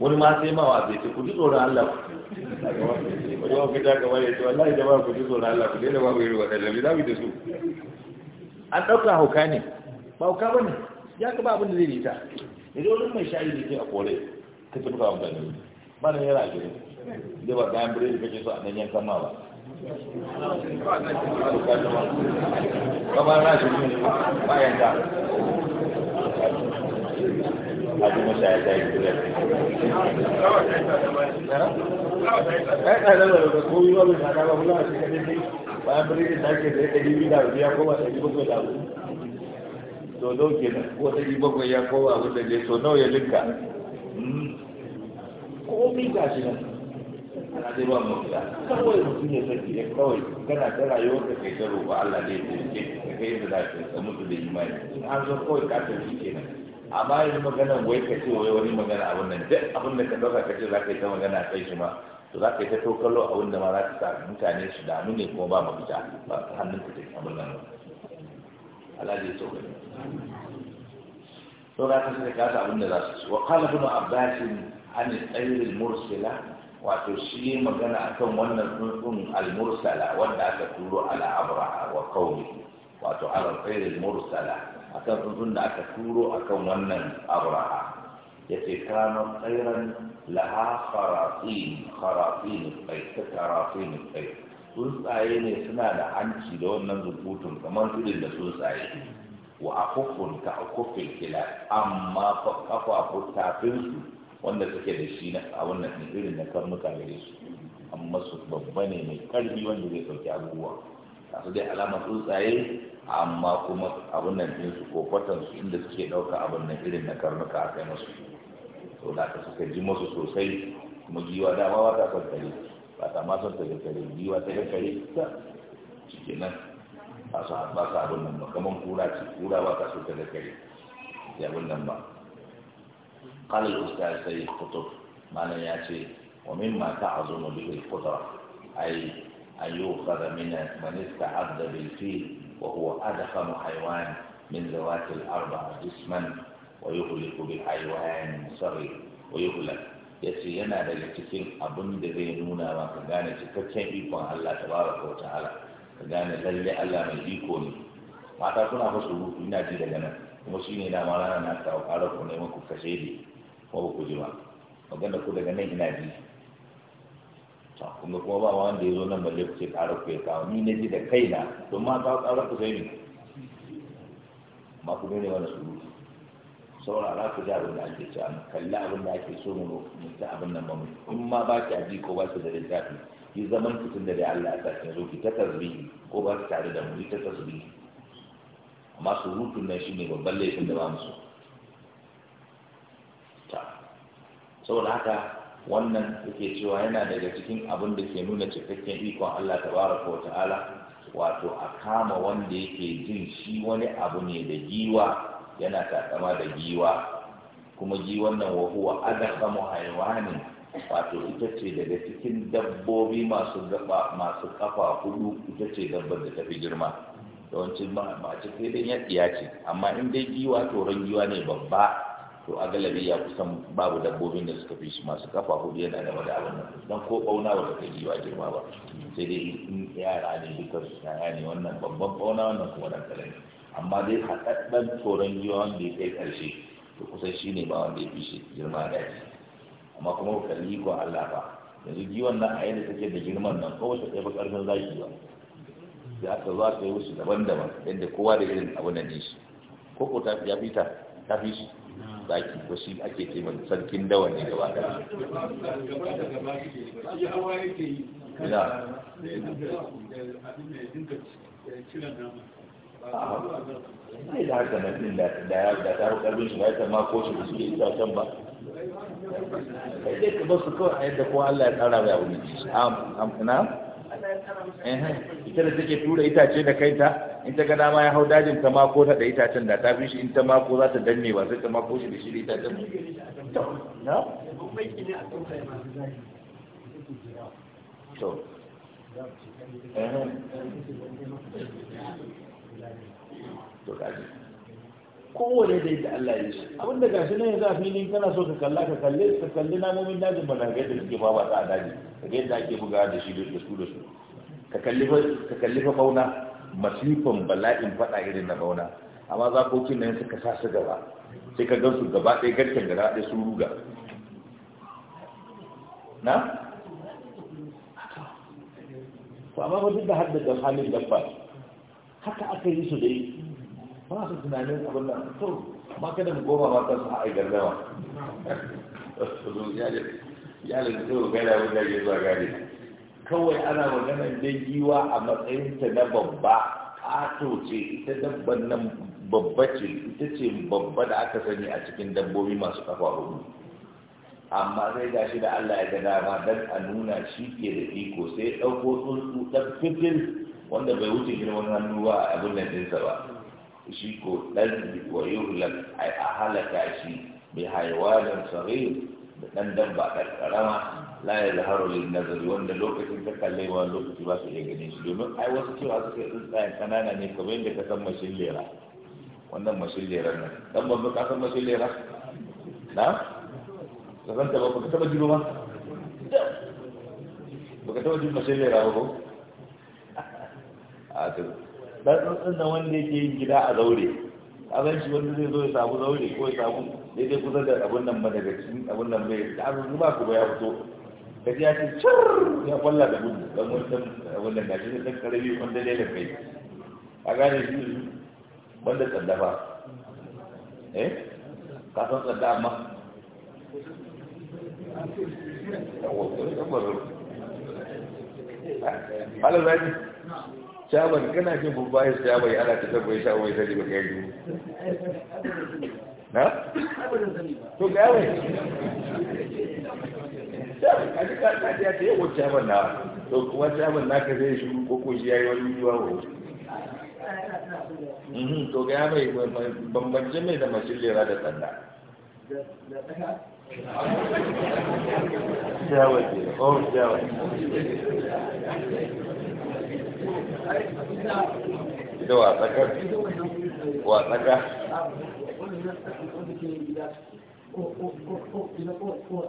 wani ma sai mawa zai ce ku ji tsoron Allah ku wani ku ta gaba ya ce wallahi da ba ku ji tsoron Allah ku daina ba ku yi ruwa ɗalami za mu da su an ɗauka hauka ne ba hauka ba ne ya ka ba abin da zai yi ta idan wani mai shayi da ke a kore ka tafi ka amfani ba na yara gari da ba kayan biredi kake so a ɗan yankan ma ba kamar na shi ne ba yanka a ji masa ya zai kula da bayan da ake zai ɗari biyu da da ke ya kowa abu da zai so nau ya linka ko ga shi nan ana dai ba mu da kawai mutum ya saki ya kawai kana ta rayuwar ka kai ta roƙo Allah zai taimake ka kai yadda za ka samu da imani in an zo kawai ka tafi kenan amma yanzu maganan wai ka ce wai wani magana abin nan duk abin da ka dauka ka ce za ka yi ta magana a kai shi ma to za ka yi ta tokalo abin da ma za ka sa mutane su damu ne kuma ba fita ba hannun ka take abin nan alhaji ya tsoka to za ka sai ka sa abin da za su ci wa qala ibn abbas an al mursila wato shi magana akan wannan tsuntsun al-mursala wanda aka turo ala abraha wa qaumi wato ala al mursala akan tsuntsun da aka turo a kan wannan abraha ya ce "Kano tsairan laha farafin farafin ta farafin tsuntsaye ne suna da hanci da wannan zubutun kamar irin da tsuntsaye wa kufin ka a kufin kila amma kafafu su, wanda suke da shi a wannan irin na karnuka da su amma su babba ne mai karfi wanda zai sauke abubuwa masu dai alamar tsuntsaye amma kuma abin nan ɗinsu ko kofatan su inda suke ɗauka abin nan irin na karnuka a kai masu to da ka suka ji masu sosai kuma giwa dama ba ta son kare ba ta ma son ta ga kare giwa ta ga kare ta cike nan ba su ba su abin nan ba kamar kura ce kura ba ta so ta ga kare ya abin nan ba قال الأستاذ سيد قطب mata يأتي ومما تعظم به A أي أن يؤخذ من من استعد بالفيل وهو أدخم حيوان من ذوات الأربعة جسما ويغلق بالحيوان ويغلق سري ويهلك يسينا لكتين أبن دينونا وكذانا تكتين إيقوان الله تبارك وتعالى كذانا للي الله من إيقوني ما تكون أفسه إنا جيدا لنا ومسيني لا مالانا نتاو كارفون يمكو كشيدي وهو كجوان وقال كل لغنين إنا kuma kuma ba wanda ya zo nan ba zai ce ƙara ku ya kawo ni na ji da kaina don ma kawo ƙara ku sai ni ma ku ne wani surutu za ku ji abin da ake ci amma kalli abin da ake so mu mu ta abin nan ba mu in ma ba ki aji ko ba ki da littafi yi zaman ku tun da dai Allah ya sa ki zo ki ta tasbihi ko ba ki tare da mu ki ta tasbihi amma surutun nan ne babban laifin da ba mu so saboda haka wannan yake cewa yana daga cikin abin da ke nuna cikakken ikon Allah tabaraka wa ta'ala wato a kama wanda yake jin shi wani abu ne da giwa yana takama da giwa kuma giwan nan wa huwa adakamu wato ita ce daga cikin dabbobi masu gaba masu kafa hudu ita ce dabbar da tafi girma yawancin ma a cikin ya ce amma in dai giwa to ran giwa ne babba to a galabi ya kusan babu dabbobin da suka fi shi masu kafa hudu yana da wada abin nan don ko bauna ba ta kai wa girma ba sai dai in yara ne duka su yaya ne wannan babban bauna wannan kuma dan kalami amma dai haɗaɗɗen tsoron giwa wanda ya kai ƙarshe to kusan shi ne ba wanda ya fi shi girma da shi amma kuma ku kalli ko Allah ba yanzu giwan nan a yadda take da girman nan ko wata ɗaya ƙarfin zaki ba sai aka zo aka yi wasu daban-daban yadda kowa da irin abin da ne shi ko ko ta fi ta fi shi zaki ko shi ake ce mai sarkin dawa ne gaba da Ai da haka na da da da ta hau ƙarfin shi ba ya ma ko shi da suke ita can ba. Kai dai ka su kawai a yadda ko Allah ya tsara mai abu ne. Am, ita da take tura itace da kaita in ta ga dama ya hau dajin ta mako ta da itacen da ta fi shi in ta mako za ta danne ba sai ta mako shi da shi da itacen to to kowane da yadda Allah ya shi abin da gashi nan yanzu a filin kana so ka kalla ka kalle ka kalli namomin dajin ba da ga yadda suke ba ba ta daji ga yadda ake buga da shi da su da su ka kalli fa bauna masifan bala'in faɗa irin na bauna amma za zakokin nan suka sa su gaba sai ka gansu gaba ɗaya garken gaba ɗaya sun ruga na? Ko amma ba duk da da halin dabba haka aka yi su dai ba su tunanin abin da. to ba ka goma ba ta su ha'ai gargawa ya da ya da ya da ya da ya zuwa gari. kawai ana maganar dangiwa giwa a matsayinta na babba ato ce ita dabban nan babba ce ita ce babba da aka sani a cikin dabbobi masu kafa hudu amma sai ga shi da Allah ya ga dama dan a nuna shi ke da iko sai ɗauko tsuntsu ɗan fitil wanda bai wuce girman hannu ba a abin nan ɗinsa ba shi ko ɗan wa yuhlak a halaka shi bi haiwanin sarir da ɗan dabba ƙarƙarama la ya zaharu lil nazari wanda lokacin ta wa lokaci ba su iya ganin shi domin ai wasu cewa su sai tsuntsayen kanana ne kamar yadda ka san mashin lera wannan mashin lera ne dan babu ka san mashin lera na ka san ta ba ka taba jiro ba ba ka taba jiro mashin lera ba ko a to dan tsuntsun nan wanda yake yin gida a zaure a zan shi wanda zai zo ya samu zaure ko ya samu daidai kusa da abun nan madagacin abun nan bai da abu ba ku ba ya fito da ya ce cir ya kwalla da gudu don wancan wannan gashi da ta wanda ne da kai a gane shi wanda tsada ba eh kasan tsada amma ala zai shaban kana jin bubba ya shaban ya ala ta tabbai shaban ya sani ba kai na? to ga yawai a ji ka ta ta yi wacce ban na to wacce ban na ka zai shi ko ko shi yayi wani yiwa wa mhm to ga mai bambance mai da mashin lera da tsanda Jawa ke, oh jawa. Ita watsaka, watsaka. Ko, ko, ko,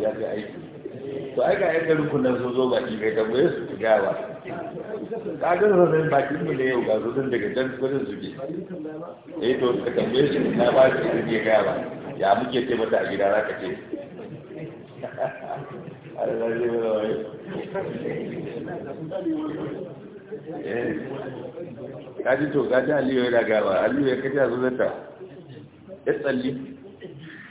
ya ga aiki to ai ga yan garin kunan zo zo baki bai tambaye su gawa kagar zanen bakin mu ne yau ga zuzun daga can gudun suke eh to ka tambaye su na ba su da ke gawa ya muke ce mata a gida za ka ce Allah zai mana wani eh. kaji to kaji aliyu yana gawa aliyu ya kaji a zuzunta ya tsalli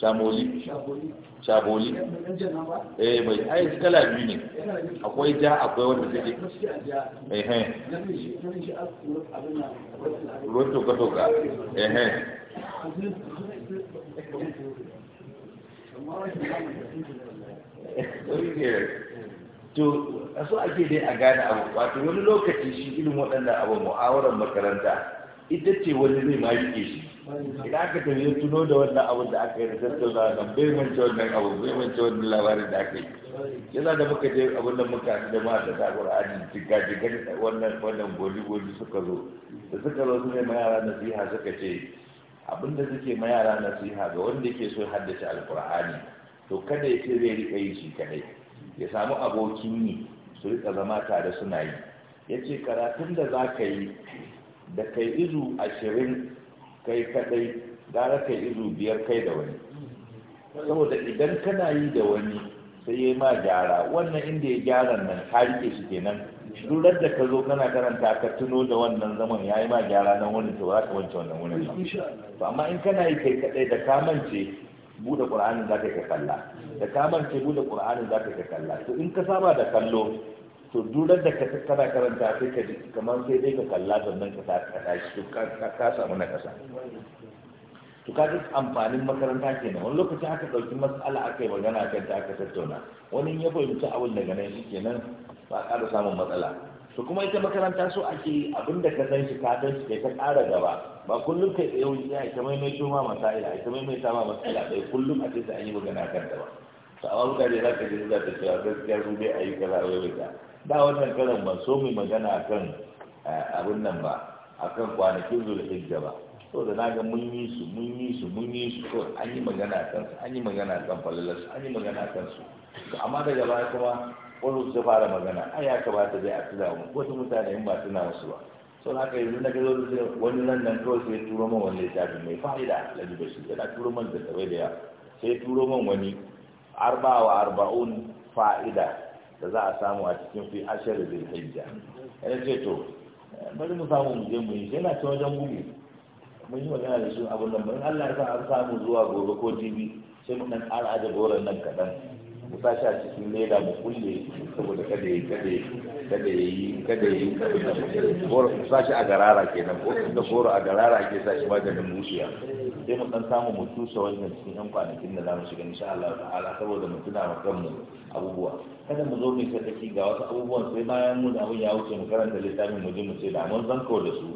shamoli shaboli eh mai ai kala biyu ne akwai ja akwai wanda take eh eh roto toka toka eh eh to aso ake dai a gane abu wato wani lokaci shi irin waɗannan abu mu'awarar makaranta ita ce wani zai ma yi shi idan aka tafi ya tuno da wannan abin da aka yi da tattauna da bai mance wannan abu bai mance wannan labarin da aka yi yana da muka je abin da muka su da mata da qur'ani jika jigga wannan wannan goli goli suka zo da suka zo su ne ma yara nasiha suka ce abin da suke ma yara nasiha ga wanda yake so haddace Alƙur'ani to kada ya ce zai riƙa yi shi kadai ya samu abokin yi su riƙa zama tare suna yi ya ce karatun da za ka yi da kai izu ashirin kai kadai gara kai izu biyar kai da wani saboda idan kana yi da wani sai ya ma gyara wannan inda ya gyara nan ka rike shi kenan durar da ka zo kana karanta ka tuno da wannan zaman ya yi ma gyara nan wani to za ka wance wannan wani To amma in kana yi kai kadai da ka mance bude qur'anin za ka kalla da ka mance bude qur'anin za ka kalla to in ka saba da kallo to durar da kana karanta sai ka kamar sai dai ka kalla sannan ka ka shi, to ka samu na kasa to ka duk amfanin makaranta kenan wani lokacin aka ɗauki mas'ala aka yi magana kan ta aka tattauna wani ya fahimci abin da nan shi kenan ba a ƙara samun matsala to kuma ita makaranta so ake abinda ka san shi ka san shi kai ka ƙara gaba ba kullum kai tsaye wani ya mai maimaito ma masa'ila ita mai tama masa'ila bai kullum a ce sai an yi magana kan ta ba to a wani gari za ka ji za ta cewa gaskiya a yi kaza a yau da wannan karin ba so mu magana a kan eh, abin nan ba a kan kwanakin hijja ba so da naga mun yi su mun yi su mun yi su to an yi magana a su an yi magana a kan falalarsu an yi magana akan su amma daga baya kuma wani su fara magana ai ya kamata dai a tuna mu wasu mutane in ba tuna musu ba so na kai yanzu na ga zo wani nan nan kawai sai turo man wani tafi mai fa'ida da shi yana turo man da tsawai da yawa sai turo man wani wa arba'un fa'ida da za a samu a cikin fi ashirin zai hijja yana ce to bari mu samu mu je mu yi yana ta wajen bugu mun yi magana da shi abin nan bari Allah ya sa an samu zuwa gobe ko jibi sai mu dan ƙara aje goron nan kaɗan mu sa shi a cikin leda mu kulle saboda kada ya kada ya kada ya yi kada ya yi goro mu sa shi a garara kenan ko da goro a garara ke sa shi maganin musiya sai mu dan samu mu tusa wannan cikin yan kwanakin da za mu shiga insha Allah ta'ala saboda mu tuna wa kanmu abubuwa kada mu zo mu ta tsaki ga wasu abubuwan sai bayan mu da abun ya wuce mu karanta littafin mu je mu ce da mun ko da su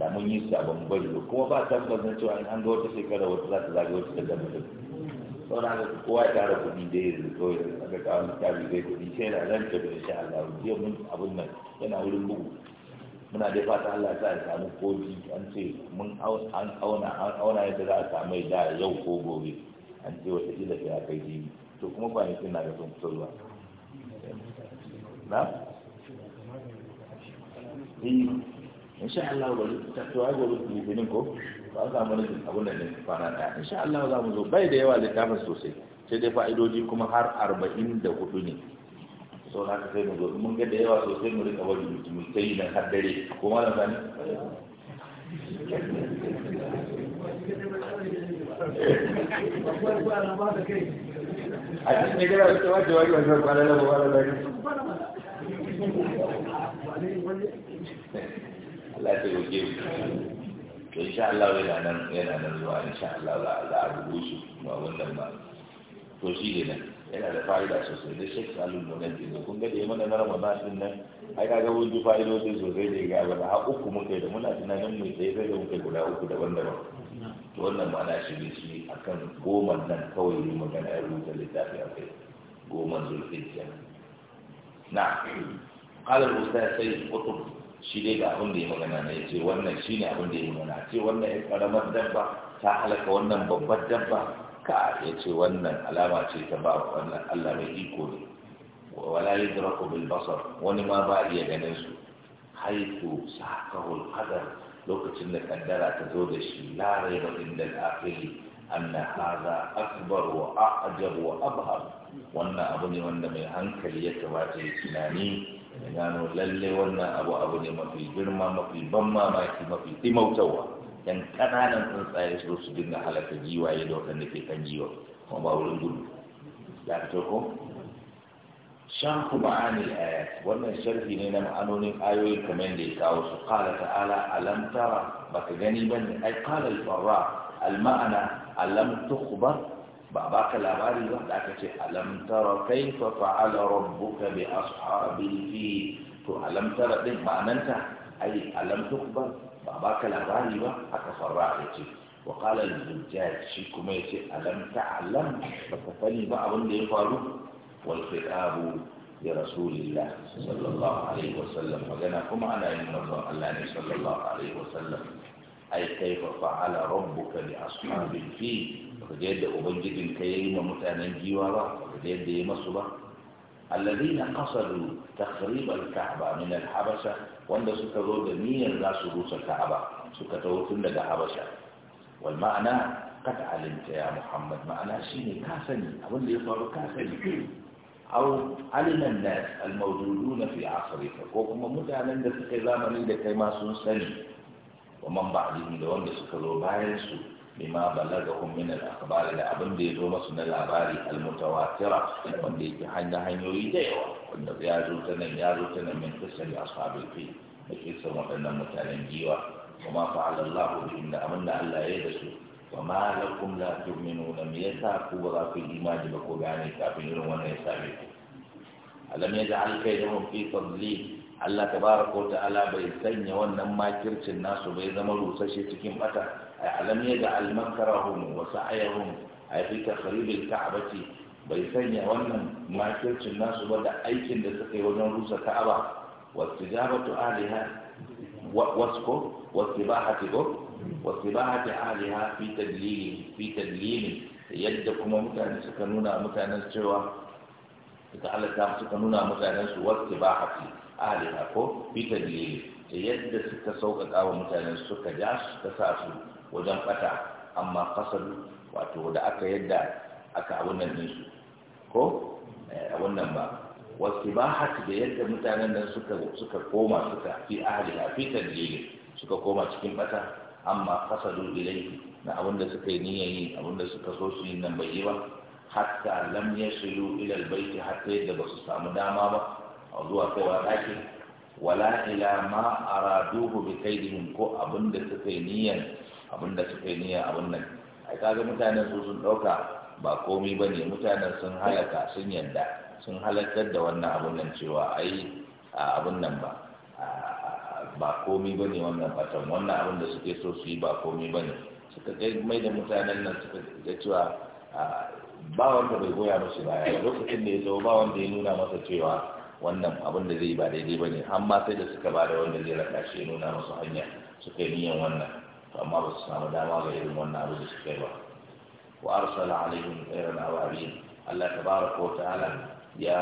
da mun yi su da ban bari kuma ba tabbas na cewa in an ga wata shekara wata za ta zage wata ta mutum saboda haka kowa ya tara kuɗi da ya zuko ya ga kawo littafi zai kuɗi sai da zan ce da insha Allah jiya mun abun nan yana wurin bugu muna da fata Allah ta ya samu koji an ce mun an auna an auna yadda za a samu da yau ko gobe an ce wata kila sai ya kai jibi to kuma kwanakin na ga sun fito zuwa na In eh, insha Allah gobe ta to ai gobe litinin ko ba za mu rage abun ne kwana daya insha Allah za mu zo bai da yawa littafin sosai sai dai fa'idodi kuma har 44 ne sau na ka sai mu zo mun ga da yawa sosai mu rika bari mu ta yi nan har dare ko ma na zane. a cikin gara da cewa cewa yau zai kwana da ba da bari Allah ta goge mu to insha Allah yana nan yana nan zuwa insha Allah za a rubuce ma wannan ba to shi ne nan yana da fa'ida sosai da shek salun monan ke kun ga da mana na ramadan din nan ai ka ga wani fa'idodin sosai da ya gaba A uku muka yi da muna tunanin mu sai sai da muka guda uku daban-daban to wannan ma na ne shi akan goma nan kawai ne magana ya rubuta littafi a kai goman zulhijja na قال ya سيد قطب shi dai ga abin da ya magana na ya ce wannan shi ne abin da ya magana ce wannan ya karamar dabba ta halaka wannan babbar dabba ka ya ce wannan alama ce ta ba wannan Allah mai iko ne wala yudraku bil basar wani ma ba iya ganin su haitu sakahul qadar lokacin da kaddara ta zo da shi la raiba inda al-akhiri anna hadha akbar wa a'jab wa abhar wannan abu ne wanda mai hankali ya kamata ya tunani ya gano lalle wannan abu abu ne mafi girma mafi ban mamaki mafi timautawa yan kananan tsuntsaye su su dinga halaka giwaye da waɗanda ke kan giwa kuma ba wurin gudu ya fito ko shan kuma anil ayat wannan sharhi ne na ma'anonin ayoyi kamar da ya kawo su qala ta'ala alam tara baka gani bane ai qala al-farra al-ma'ana alam tukhbar ba ba ka labari ba da aka ce alam tara kaifa fa'ala rabbuka bi ashabil fi to alam tara din ma'ananta ai alam tukbar ba ba ka labari ba aka farra a ce wa qala al shi kuma ya ce alam ta'lam ba ka sani ba abin da ya faru wal khitabu ya rasulillah sallallahu alaihi wasallam magana kuma ana yin manzon Allah ne sallallahu alaihi wasallam ai kai kaifa fa'ala rabbuka li ashabil fil ka ga yadda ubangijinka yayi ma mutanen giwa ba ka ga yadda ya masu ba alladina qasadu takhrib al-ka'ba min al-habasha wanda suka zo da niyyar za su rusa ka'aba suka tawo tun daga abasha. wal ma'ana a alimta ya muhammad ma'ana shine ka sani abinda ya faru ka sani aw alima an-nas al-mawjuduna fi asrika ko kuma mutanen da suke zamanin da kai ma sun sani wa man ba'dihi da wanda suka zo bayansu. bima balagahum min al-akhbar da abin da ya zo masu na labari al-mutawatira wanda yake hanya hanyoyi da yawa wanda ya zo ta nan ya zo ta nan min kisar ashabil fi da waɗannan mutanen giwa kuma fa'ala Allah bi inda Allah ya da su wa ma lakum la tu'minuna me yasa ku ba za ku imani ba ko gane kafin irin wannan ya same ku alam yaj'al kaydahum fi tadlil Allah tabaraka wa ta'ala bai sanya wannan makircin nasu bai zama rusashe cikin bata لم يجعل مكرهم وسعيهم haifi في تخريب الكعبة bai sanya wannan makircin nasu ba da aikin da suka yi wajen rusa ka'aba wasu ja ba tu wasu ko wasu ba hati ko wasu ba hati aliha fi yadda kuma mutane suka nuna mutanen cewa ta halatta suka nuna mutanen su wasu ba hati aliha ko fi tadlili yadda suka sauƙaƙa wa mutanen suka ja suka sa su wajen bata amma kasaru wato da aka yadda aka abunan ninsu ko eh, a wannan ba wasu ba haka da yadda mutanen nan suka koma suka fi ahali a fi tallilin suka koma cikin bata amma kasaru ilai na abinda suka yi niyan yi abinda suka so su yi nan bai yi ba hatta lam yasilu ila albayti hatta yadda ba su samu dama ba a zuwa kaiwa ɗakin wala ila ma araduhu bi kaidihim ko abinda suka yi niyan da suka yi niyya abin nan ai kaga mutanen su sun dauka ba komai ba ne mutanen sun halaka sun yadda sun halakar da wannan abun nan cewa ai abun nan ba ba komai ba ne wannan fatan wannan abin da suke so su yi ba komai ba ne suka kai mai da mutanen nan suka ga cewa ba wanda bai goya musu baya lokacin da ya zo ba wanda ya nuna masa cewa wannan abin da zai ba daidai ba ne har ma sai da suka ba da wanda zai raka shi ya nuna masa hanya suka yi niyan wannan amma ba su samu dama ga irin wannan abu da su kai ba wa arsala alaihim irin awarin Allah tabaraka wa ta'ala ya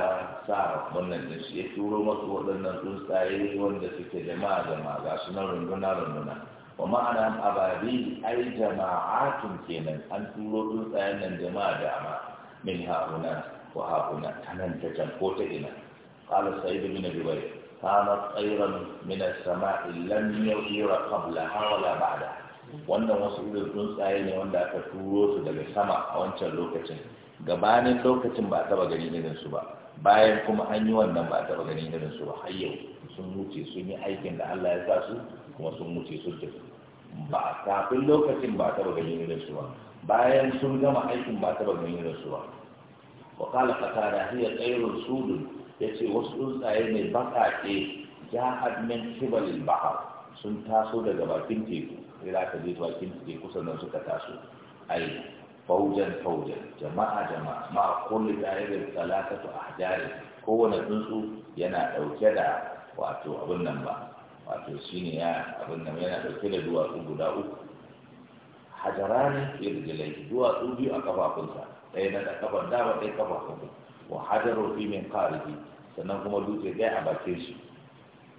sa wannan din ya turo masu waɗannan tsuntsaye wanda suke jama'a jama'a ga su nan runduna runduna wa ma'ana ababi ai jama'atun kenan an turo tsuntsayen nan jama'a dama min ha'una wa ha'una ta nan ta can ko ta ina qala sa'id bin jubair kanat tsairan minas sama'i lam yura qablaha wala bada. wannan wasu irin tsuntsaye ne wanda aka turo su daga sama a wancan lokacin gabanin lokacin ba taba gani irin su ba bayan kuma an yi wannan ba taba gani irin su ba har yau sun wuce sun yi aikin da Allah ya sa su kuma sun wuce sun tafi ba kafin lokacin ba taba gani irin su ba bayan sun gama aikin ba taba gani irin su ba وقال qala هي hiya سود ya ce wasu tsuntsaye mai baƙaƙe ja'ad min kibalil bahar sun taso daga bakin teku sai za ka je bakin teku sannan suka taso ai faujan faujan jama'a jama'a ma kulli da'irin a ahjari kowane tsuntsu yana dauke da wato abin nan ba wato shine ya abin nan yana dauke da duwatsu guda uku hajarani irjilai duwatsu biyu a kafafunsa ɗaya na kafar dama ɗaya kafafun wa hadaru fi min qarihi sannan kuma dutse ɗaya a bakin shi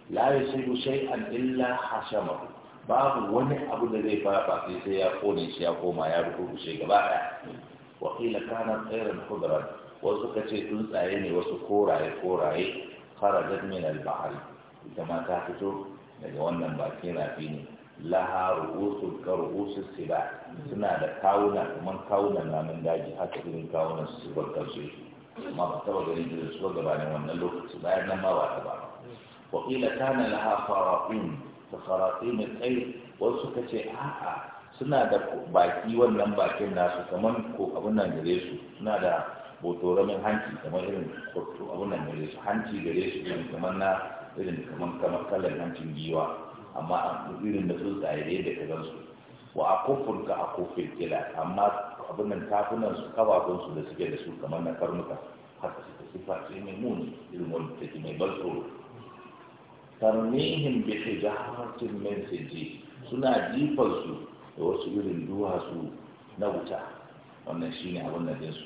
la yusibu shay'an illa hashama babu wani abu da zai fara baki sai ya kone shi ya koma ya rubuce gaba ɗaya wa qila kana tsairan khudran wasu ka ce tsuntsaye ne wasu koraye koraye kharajat min al-bahr ita ma ta fito daga wannan bakin rafi ne laha ru'usul karu'usul siba suna da kawuna kamar kawunan namun daji haka irin kawunan su bar kansu amma ba taba ganin idris ba gabanin wannan lokaci bayan nan ma ba ta ba wa qila kana laha faraqin da faraqin kai wasu suka ce a'a suna da baki wannan bakin nasu kamar ko abun nan gare su suna da botoramin hanci kamar irin kurtu abun nan gare su hanci gare su irin kamar na irin kamar kamar giwa amma irin da da wa akufun a akufin kila amma abin nan tafunan su kafafun su da suke da su kamar na karnuka haka suka sifa ce mai muni irin wani take mai bar tsoro tarmihin bi hijaratin min sijji suna jifar su da wasu irin duwatsu na wuta wannan shine abin nan din su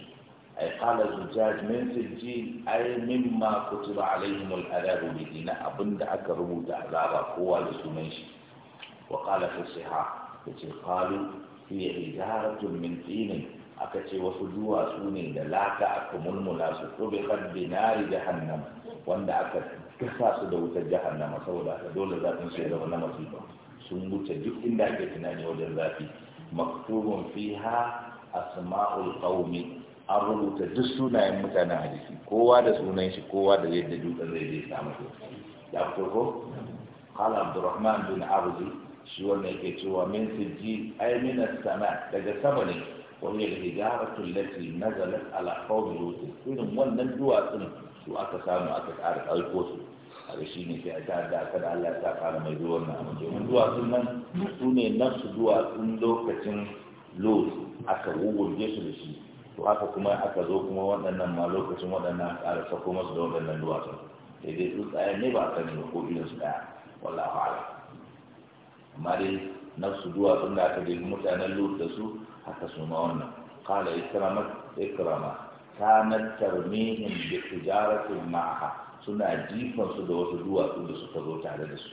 ay qala zujaj min sijji ay mimma kutiba alaihim al-adab bi dina abinda aka rubuta azaba kowa da sunan shi wa qala fi sihah yace qalu fiye hijaratun min aka ce wasu duwatsu ne da laka aka mulmula su qubhat bi nari jahannam wanda aka kasa su da wutar jahannama saboda aka dole zafin su ya zama na masifa sun wuce duk inda ake tunani wajen zafi maktubun fiha asma'ul qaumi an rubuta duk sunayen mutanen a jiki kowa da sunan shi kowa da yadda dutsen zai zai samu da ko qala abdurrahman bin arzi shi wannan yake cewa min sijji ay min sama daga sama ne wani da hijaratu allati nazalat ala qawmi lut irin wannan duwatsun su aka samu aka ƙara ɗauko su a ga shine sai ta da aka da Allah ta fara mai zuwa na amma Wani duwatsun nan su ne nan su duwatsun lokacin lut aka wugurge su da shi to haka kuma aka zo kuma waɗannan ma lokacin waɗannan ƙara sako masu da waɗannan duwatsun Daidai dai tsuntsaye ne ba a sani ba ko irin su ɗaya wallahu a'lam amma dai nafsu duwatsun da aka dabi mutanen lut da su haka su wannan qala ikramat ikrama kanat tarmihim bi tijaratin ma'aha suna jifan su da wasu duwatsu da suka zo tare da su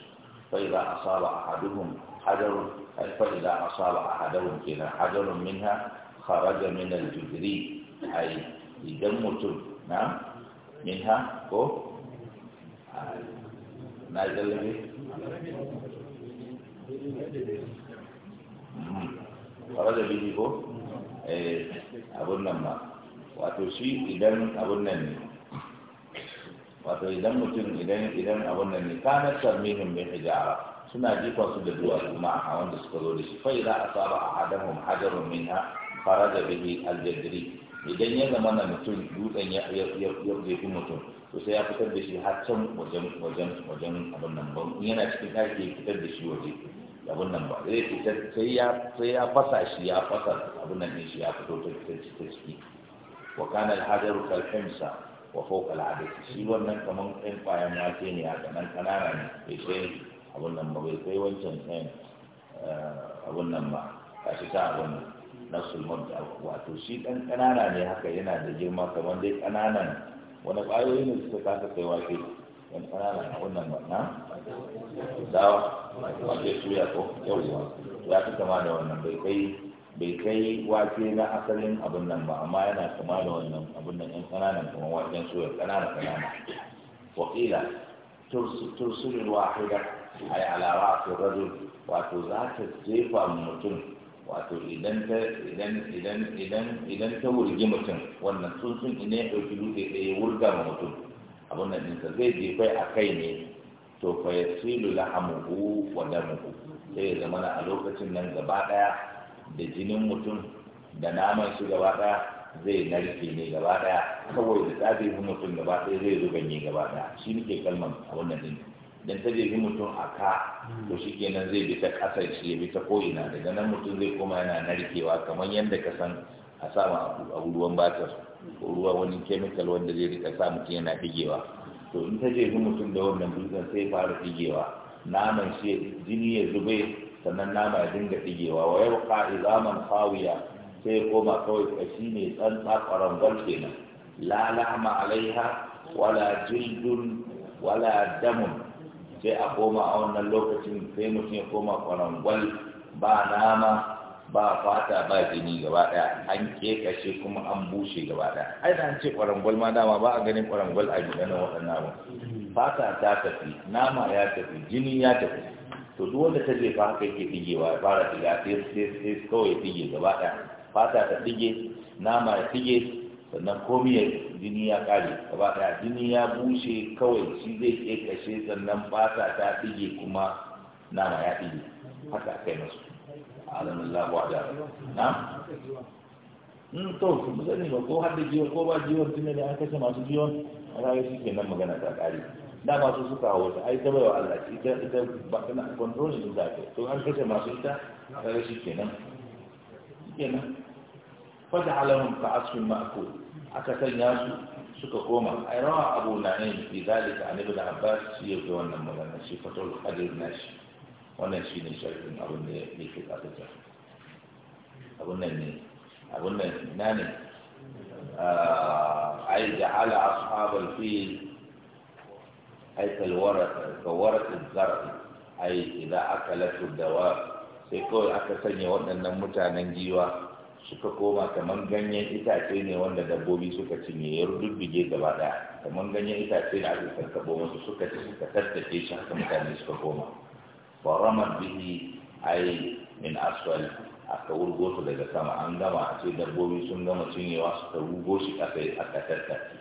fa idza asaba ahaduhum hajarun fa idza asaba ahaduhum kina hajarun minha kharaja min al jidri ay idan mutum na minha ko na jalabi kawar da biyu ko eh, abun nan ba wato shi idan abun nan ne wato idan mutum idan idan abun nan ne kanar tarmihin bin hijara suna jikon su da duwa kuma a wanda suka zo da shi a saba a ahadahum hajarun fara faraja bihi aljadiri idan ya zama na mutum dutsen ya fi mutum to sai ya fitar da shi har can wajen wajen wajen abin nan ba yana cikin ɗaki ya fitar da shi waje abin nan ba zai fitar sai ya sai ya fasa shi ya fasa abin nan ne shi ya fito ta fitar ta ciki wa kana al-hadaru kal wa fawqa al-adad shi wannan kaman ɗan ya wake ne haka nan kanana ne bai sai abin nan ba bai kai wancan ɗan eh, abin nan ba shi ta abin nan nafsul da wato shi ɗan kanana ne haka yana da girma kamar dai kananan wani ƙwayoyi ne suka kasa kai wake wani ƙanana na wannan barna dawa wake suya ko yauwa ya fi kama da wannan bai kai bai kai wake na asalin abin nan ba amma yana kama da wannan abin nan yan ƙananan kuma waken suya ƙanana ƙanana wakila tursulul wahida ay ala a rajul wato za ta jefa mutum wato idan ta idan idan idan idan ta wurgi mutum wannan tsuntsun ina ya ɗauki dutse ɗaya ya wurga ma mutum abin nan ɗinsa zai je kai a kai ne to fa yasilu lahamuhu wa damuhu sai ya zama a lokacin nan gaba ɗaya da jinin mutum da naman shi gaba ɗaya zai narke ne gaba ɗaya kawai da tsafi mutum gaba ɗaya zai zuba ganye gaba ɗaya shi muke kalman a wannan ɗin dan ta jefi mutum a ka to kenan zai bi ta kasar shi ya bi ta ko'ina daga nan mutum zai koma yana narkewa kamar yadda ka san a sama a ruwan batar ko ruwa wani kemikal wanda zai rika sa mutum yana digewa to in ta jefi mutum da wannan dutsen sai fara digewa naman shi jini ya zube sannan nama ya dinga digewa wa yau ka izaman fawiya sai ya koma kawai shi ne tsantsa ƙwarangon kenan la lahma alaiha wala jildun wala damun sai a koma a wannan lokacin sai mutum ya koma kwarangwal ba nama ba fata ba jini gaba daya an kekashe kuma an bushe gaba daya ai da an ce kwarangwal ma dama ba a ganin kwarangwal a gidan waɗannan abu fata ta tafi nama ya tafi jini ya tafi to duk wanda ta je ba haka yake digewa ya fara diga sai sai kawai dige gaba daya fata ta dige nama ya dige sannan komi ya jini ya kare gaba daya jini ya bushe kawai shi zai ke kashe sannan fata ta ɗige kuma nama ya ɗige haka kai masu alamun labuwa da na in mm, to mu sani ba ko har da jiwon ko ba jiwon tunda da an kashe masu jiwon a rayu shi ke nan magana ta ƙare da masu suka hawa ta ai ta bai wa Allah ta ita ba tana control din da ta to an kashe masu ita a rayu shi ke nan shi ke nan fata alamun ka asfin aka sanya su suka koma ai rawa abu na ne bi zalika an ibn abbas shi ya fi wannan magana shi fatul qadir nashi wannan shi ne sharhin abin da ya fi kasata abun nan ne abun nan na ne A ah, ai ja'ala ashabal fil ai kalwara kalwara zarri ai idan aka latu dawa sai kawai aka sanya waɗannan mutanen giwa suka koma kamar ganyen itace ne wanda dabbobi suka cinye ya rududdige gaba daya kamar ganyen itace da aka karkabo masu suka ci suka tattace shi haka mutane suka koma ramar bihi ai min aswal aka wurgo su daga sama an gama a ce dabbobi sun gama cinyewa suka rugo shi kasa aka tattace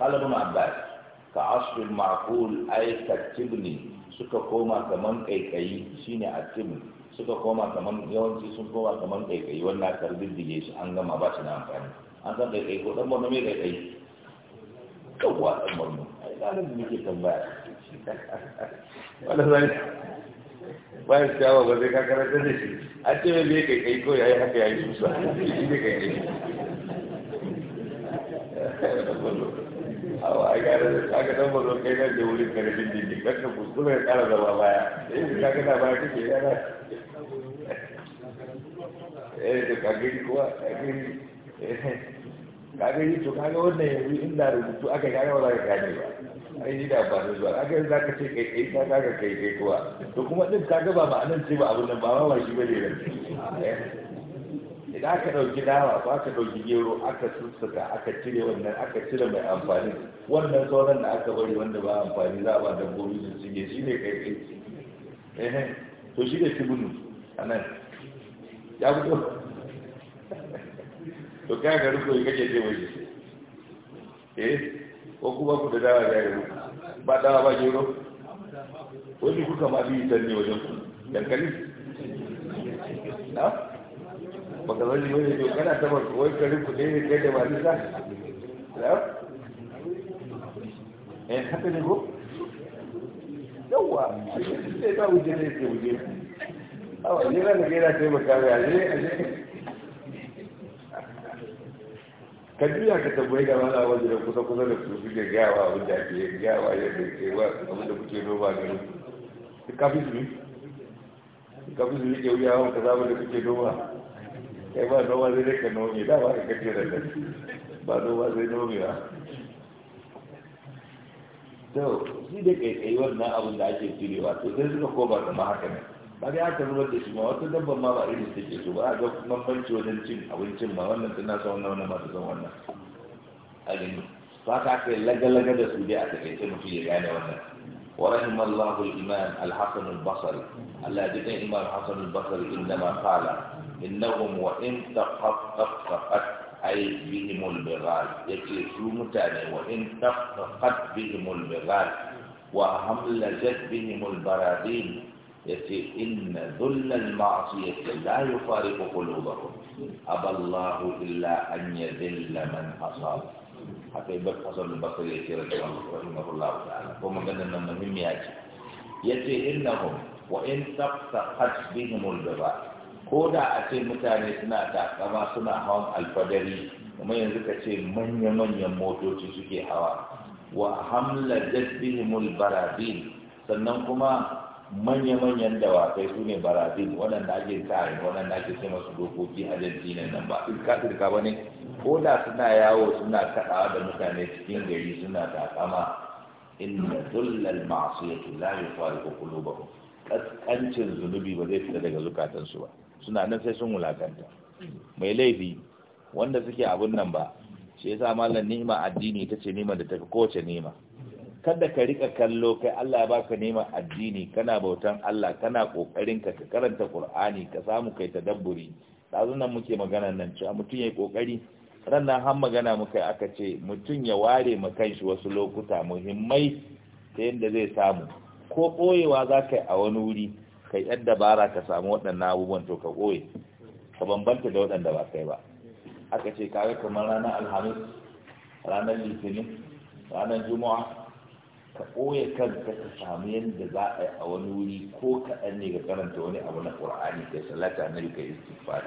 qalbun abbas ka asfin ma'qul ai katibni suka koma kamar kaikayi shine atibni suka koma kamar yawanci sun koma kamar ɗaiɗai wannan aka diddige su an gama ba shi na amfani an san ɗaiɗai ko ɗan barno mai ɗaiɗai kawwa ɗan barno ai ɗanin da muke tambaya wanda zai bayan shawa ba zai kakara ta da shi a ce mai bai kai ko ya yi haka ya yi susa shi ne kai kai awa a da aka dan bazo kai nan da wurin karfin dindin kan ka kuskure ya kara zama baya eh, da yin ka baya kake yana eh da kagiri kuwa kagiri yi eh, to kaga wannan yanzu da rubutu aka gane ba za ka gane ba ai ni da amfani zuwa aka yanzu zaka ce kai kai ta kaga kai kai kuwa to kuma din kaga ba ma'anar ce ba abin nan ba ma ba shi bane ba idan aka ɗauki dawa ko aka ɗauki gero aka sussuka aka cire wannan aka cire mai amfani wannan sauran da aka bari wanda ba amfani za a ba dabbobi su cike shi ne kai kai to shi ne gudu a nan ya fito to kai ka rufe kake ce mai shi eh ko kuma ku da dawa ya yi ba dawa ba gero wani kuka ma biyu ne wajen ku yankari? na ba ka zai wani yau kana ta barka wai kari ku ne kai da wani sa eh haka ne ko yawa sai ba wuje ne ke wuje awa ne na da gaira yi maka ga ne ka biya ka tabbai ga wani wajen da kusa kusa da su suke gawa abin da ke gawa yadda ke wa abin da kuke noma garin kafin su kafin su yi ke wuya wani kaza da kuke noma kai ba noma zai dai ka da ba ka kace da kai ba noma zai nome ba to shi da kai wannan abin da ake cirewa to sai suka koma zama haka ne ba dai aka zubar da shi ma wata dabban ma ba irin take so ba a ga bambanci wajen cin abincin ma wannan tana son wannan wannan masu son wannan a gani ba ka kai lagalaga da su dai a takaice mutum ya gane wannan ورحم الله الإمام الحسن البصري الذي كان إمام الحسن البصري إنما قال إنهم وإن تقطقت بهم البغال يكلسوا متاني وإن تقطقت بهم البغال وهمل بهم البرادين يتي إن ذل المعصية لا يفارق قلوبهم أبى الله إلا أن يذل من أصاب حتى يبقى حصل البصر يتي رحمه الله تعالى هم قدنا من مهم يأتي يتي إنهم وإن تقطقت بهم البغال ko da a ce mutane suna takama suna hawan alfadari kuma yanzu ka ce manya-manyan motoci suke hawa wa hamla jasbihimul barabin sannan kuma manya-manyan dawakai su ne barazil waɗanda ake kare waɗanda ake ce masu dokoki a jirgin nan ba su ka ba ne ko da suna yawo suna kaɗawa da mutane cikin gari suna takama inna dullal masu yake la ba qulubuhum kaskancin zunubi ba zai fita daga zukatansu ba suna nan sai sun wulakanta mai laifi wanda suke abun nan ba shi yasa mallan ni'ima addini ita ce ni'ima da tafi kowace nima kada ka rika kallo kai Allah ya baka nima addini kana bautan Allah kana kokarin ka ka karanta Qur'ani ka samu kai tadabburi dazu nan muke magana nan a mutum ya yi kokari ran nan har magana muka aka ce mutum ya ware ma kanshi wasu lokuta muhimmai ta yadda zai samu ko ɓoyewa za ka yi a wani wuri kai yan dabara ka samu waɗannan abubuwan to ka ɓoye ka bambanta da waɗanda ba kai ba aka ce kawai kamar ranar alhamis ranar litinin ranar juma'a ka ɓoye kanka ka samu yadda za a yi a wani wuri ko kaɗan ne ka karanta wani abu na ƙur'ani kai salata na ka istighfar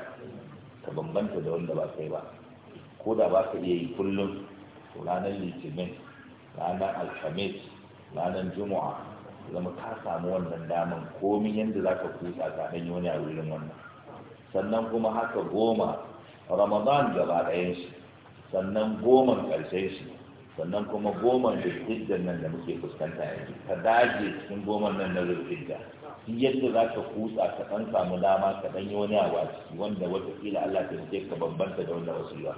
ka bambanta da wanda ba kai ba ko da ba ka iya yi kullum ranar litinin ranar alhamis ranar juma'a zama ka samu wannan daman komi yadda za ka kusa ka ɗanyi wani a wurin wannan sannan kuma haka goma ramadan gaba ɗayan shi sannan goman ƙarshen shi sannan kuma goman zulhijjar nan da muke fuskanta yanzu ka dage cikin goman nan na zulhijja yadda za ka kusa ka ɗan samu dama ka ɗanyi wani a ciki wanda watakila Allah ta ce ka bambanta da wanda wasu yawa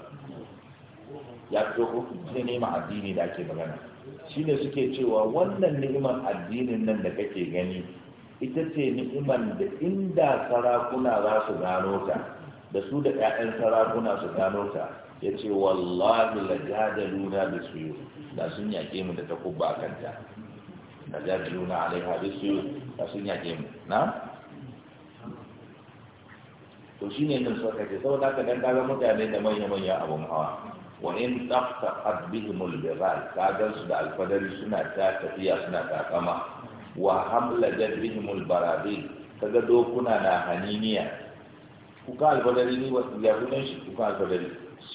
ya fito ko ne ma addini da ake magana Shi ne suke cewa wannan ni'imar addinin nan da kake gani ita ce ni'imar da inda sarakuna za su gano ta da su da 'ya'yan sarakuna su gano ta ya ce wallahi la jadaluna da suyu da sun yaƙe mu da takubba kanta la jadaluna alaiha da suyu da sun yaƙe mu na to shine nan suka ce saboda haka dan ga mutane da manya manya abun hawa wa in taqtaqat bihim al-jibal kagan su da alfadari suna ta tafiya suna takama wa hamla bihim al-barabil kaga dokuna na haniniya kuka alfadari ni wasu ya kunan shi kuka alfadari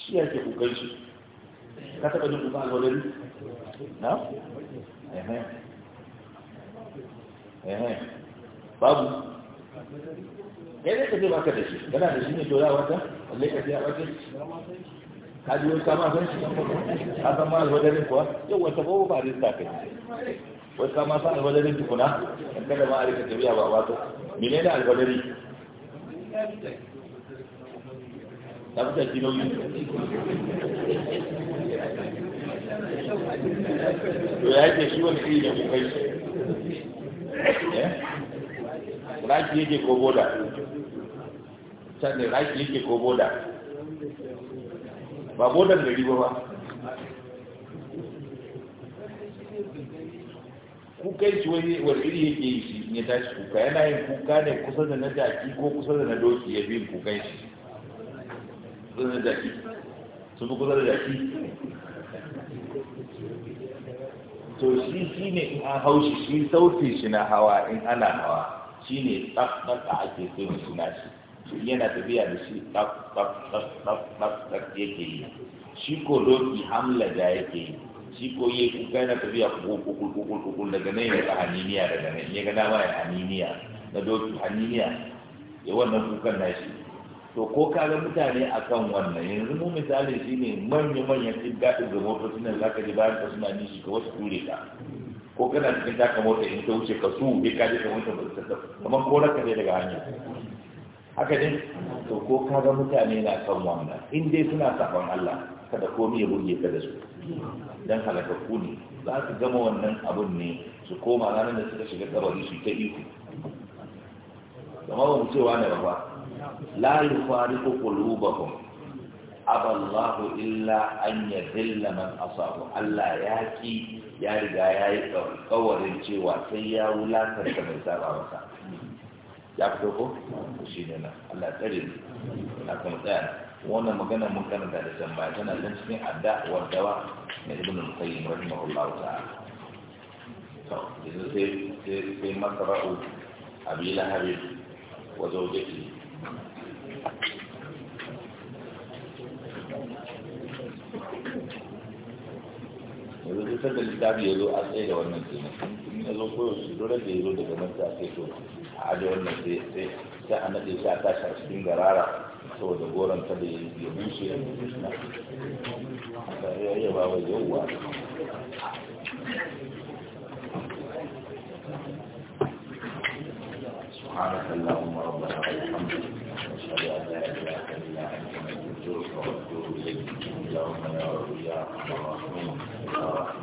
shi yake kukan shi ka taɓa jin kuka alfadari na ehe ehe babu ya ka ce baka da shi kana da shi ne to ya wata lalle ka ce ya wata ka ji wata ma san shi ka san ma alwadarin kuwa yau wata ko ba arista kai wata ma san alwadarin tukuna in kada ma arika tafiya ba wato mene da alwadari ta fi ta nauyi to ya ke shi wani iri da kukai eh? raki yake ko boda sannan raki yake ko boda ba bodan gari ba ba kukan shi wani wariri yake yi shi ya tashi kuka yana yin kuka ne kusa da na jaki ko kusa da na doki ya bin kukan shi kusa da jaki sun fi kusa da jaki to shi shi ne in an haushi shi sautin shi na hawa in ana hawa shi ne tsaf ake so shi na shi yana tafiya da shi tsaf tsaf tsaf tsaf tsaf yake yi shi ko doki hamla da yake yi shi ko yi kuka yana tafiya kukul kukul kukul daga nan ya ga haniniya daga nan ya ga dama ya haniniya na doki haniniya ya wannan kukan shi? to ko kaga mutane akan wannan yanzu mu misali shine manya manyan tsin gadin da motocin nan zaka ji bayan ka suna nishi ka wasu kure ka ko kana cikin taka mota in ta wuce ka su bai ka je ka wuce ba kamar ko raka daga hanyar. haka ne to ko ka ga mutane na kan wannan in dai suna saban Allah kada komai ya burge ka da su dan ku ne za su gama wannan abun ne su koma ranar da suka shiga kabari su ta iko kamar mu cewa ne ba la yufariqu qulubahum aballahu illa an yadilla man asabu Allah ya ki ya riga ya yi kawarin cewa sai ya da mai saba ya fito ko shi ne na Allah tsare ni na kuma tsaya wannan magana mun kana da can ba tana nan cikin adda wa dawa na ibn al-qayyim rahimahullahu ta'ala to yanzu sai sai sai masra'u abi lahab wa zawjati yanzu duk da littafi ya zo a tsaye da wannan kenan in ya zo koyaushe dole da ya zo daga manta sai to aje wannan sai sai a nade shi a tashi a cikin garara saboda goron ta da ya bushe ya bushe na ya yi ba wa yauwa سبحانك اللهم ربنا وبحمدك نشهد ان لا اله الا انت نستغفرك ونتوب اليك اللهم يا رب يا ارحم الراحمين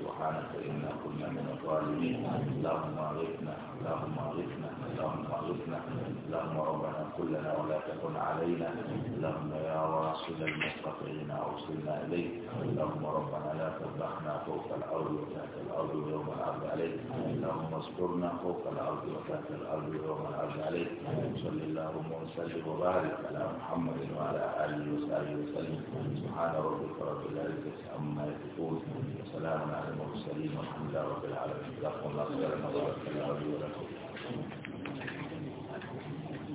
سبحانك إنا كنا من الظالمين اللهم اغثنا اللهم اغثنا اللهم اغثنا اللهم ربنا كلنا ولا تكن علينا اللهم يا واصل المستقيم أوصلنا إليك اللهم ربنا لا تذبحنا فوق الأرض وتحت الأرض يوم العرض عليك اللهم اصبرنا فوق الأرض وتحت الأرض يوم العرض عليك صل اللهم وسلم وبارك على محمد وعلى آله وصحبه وسلم سبحان ربك رب العزة عما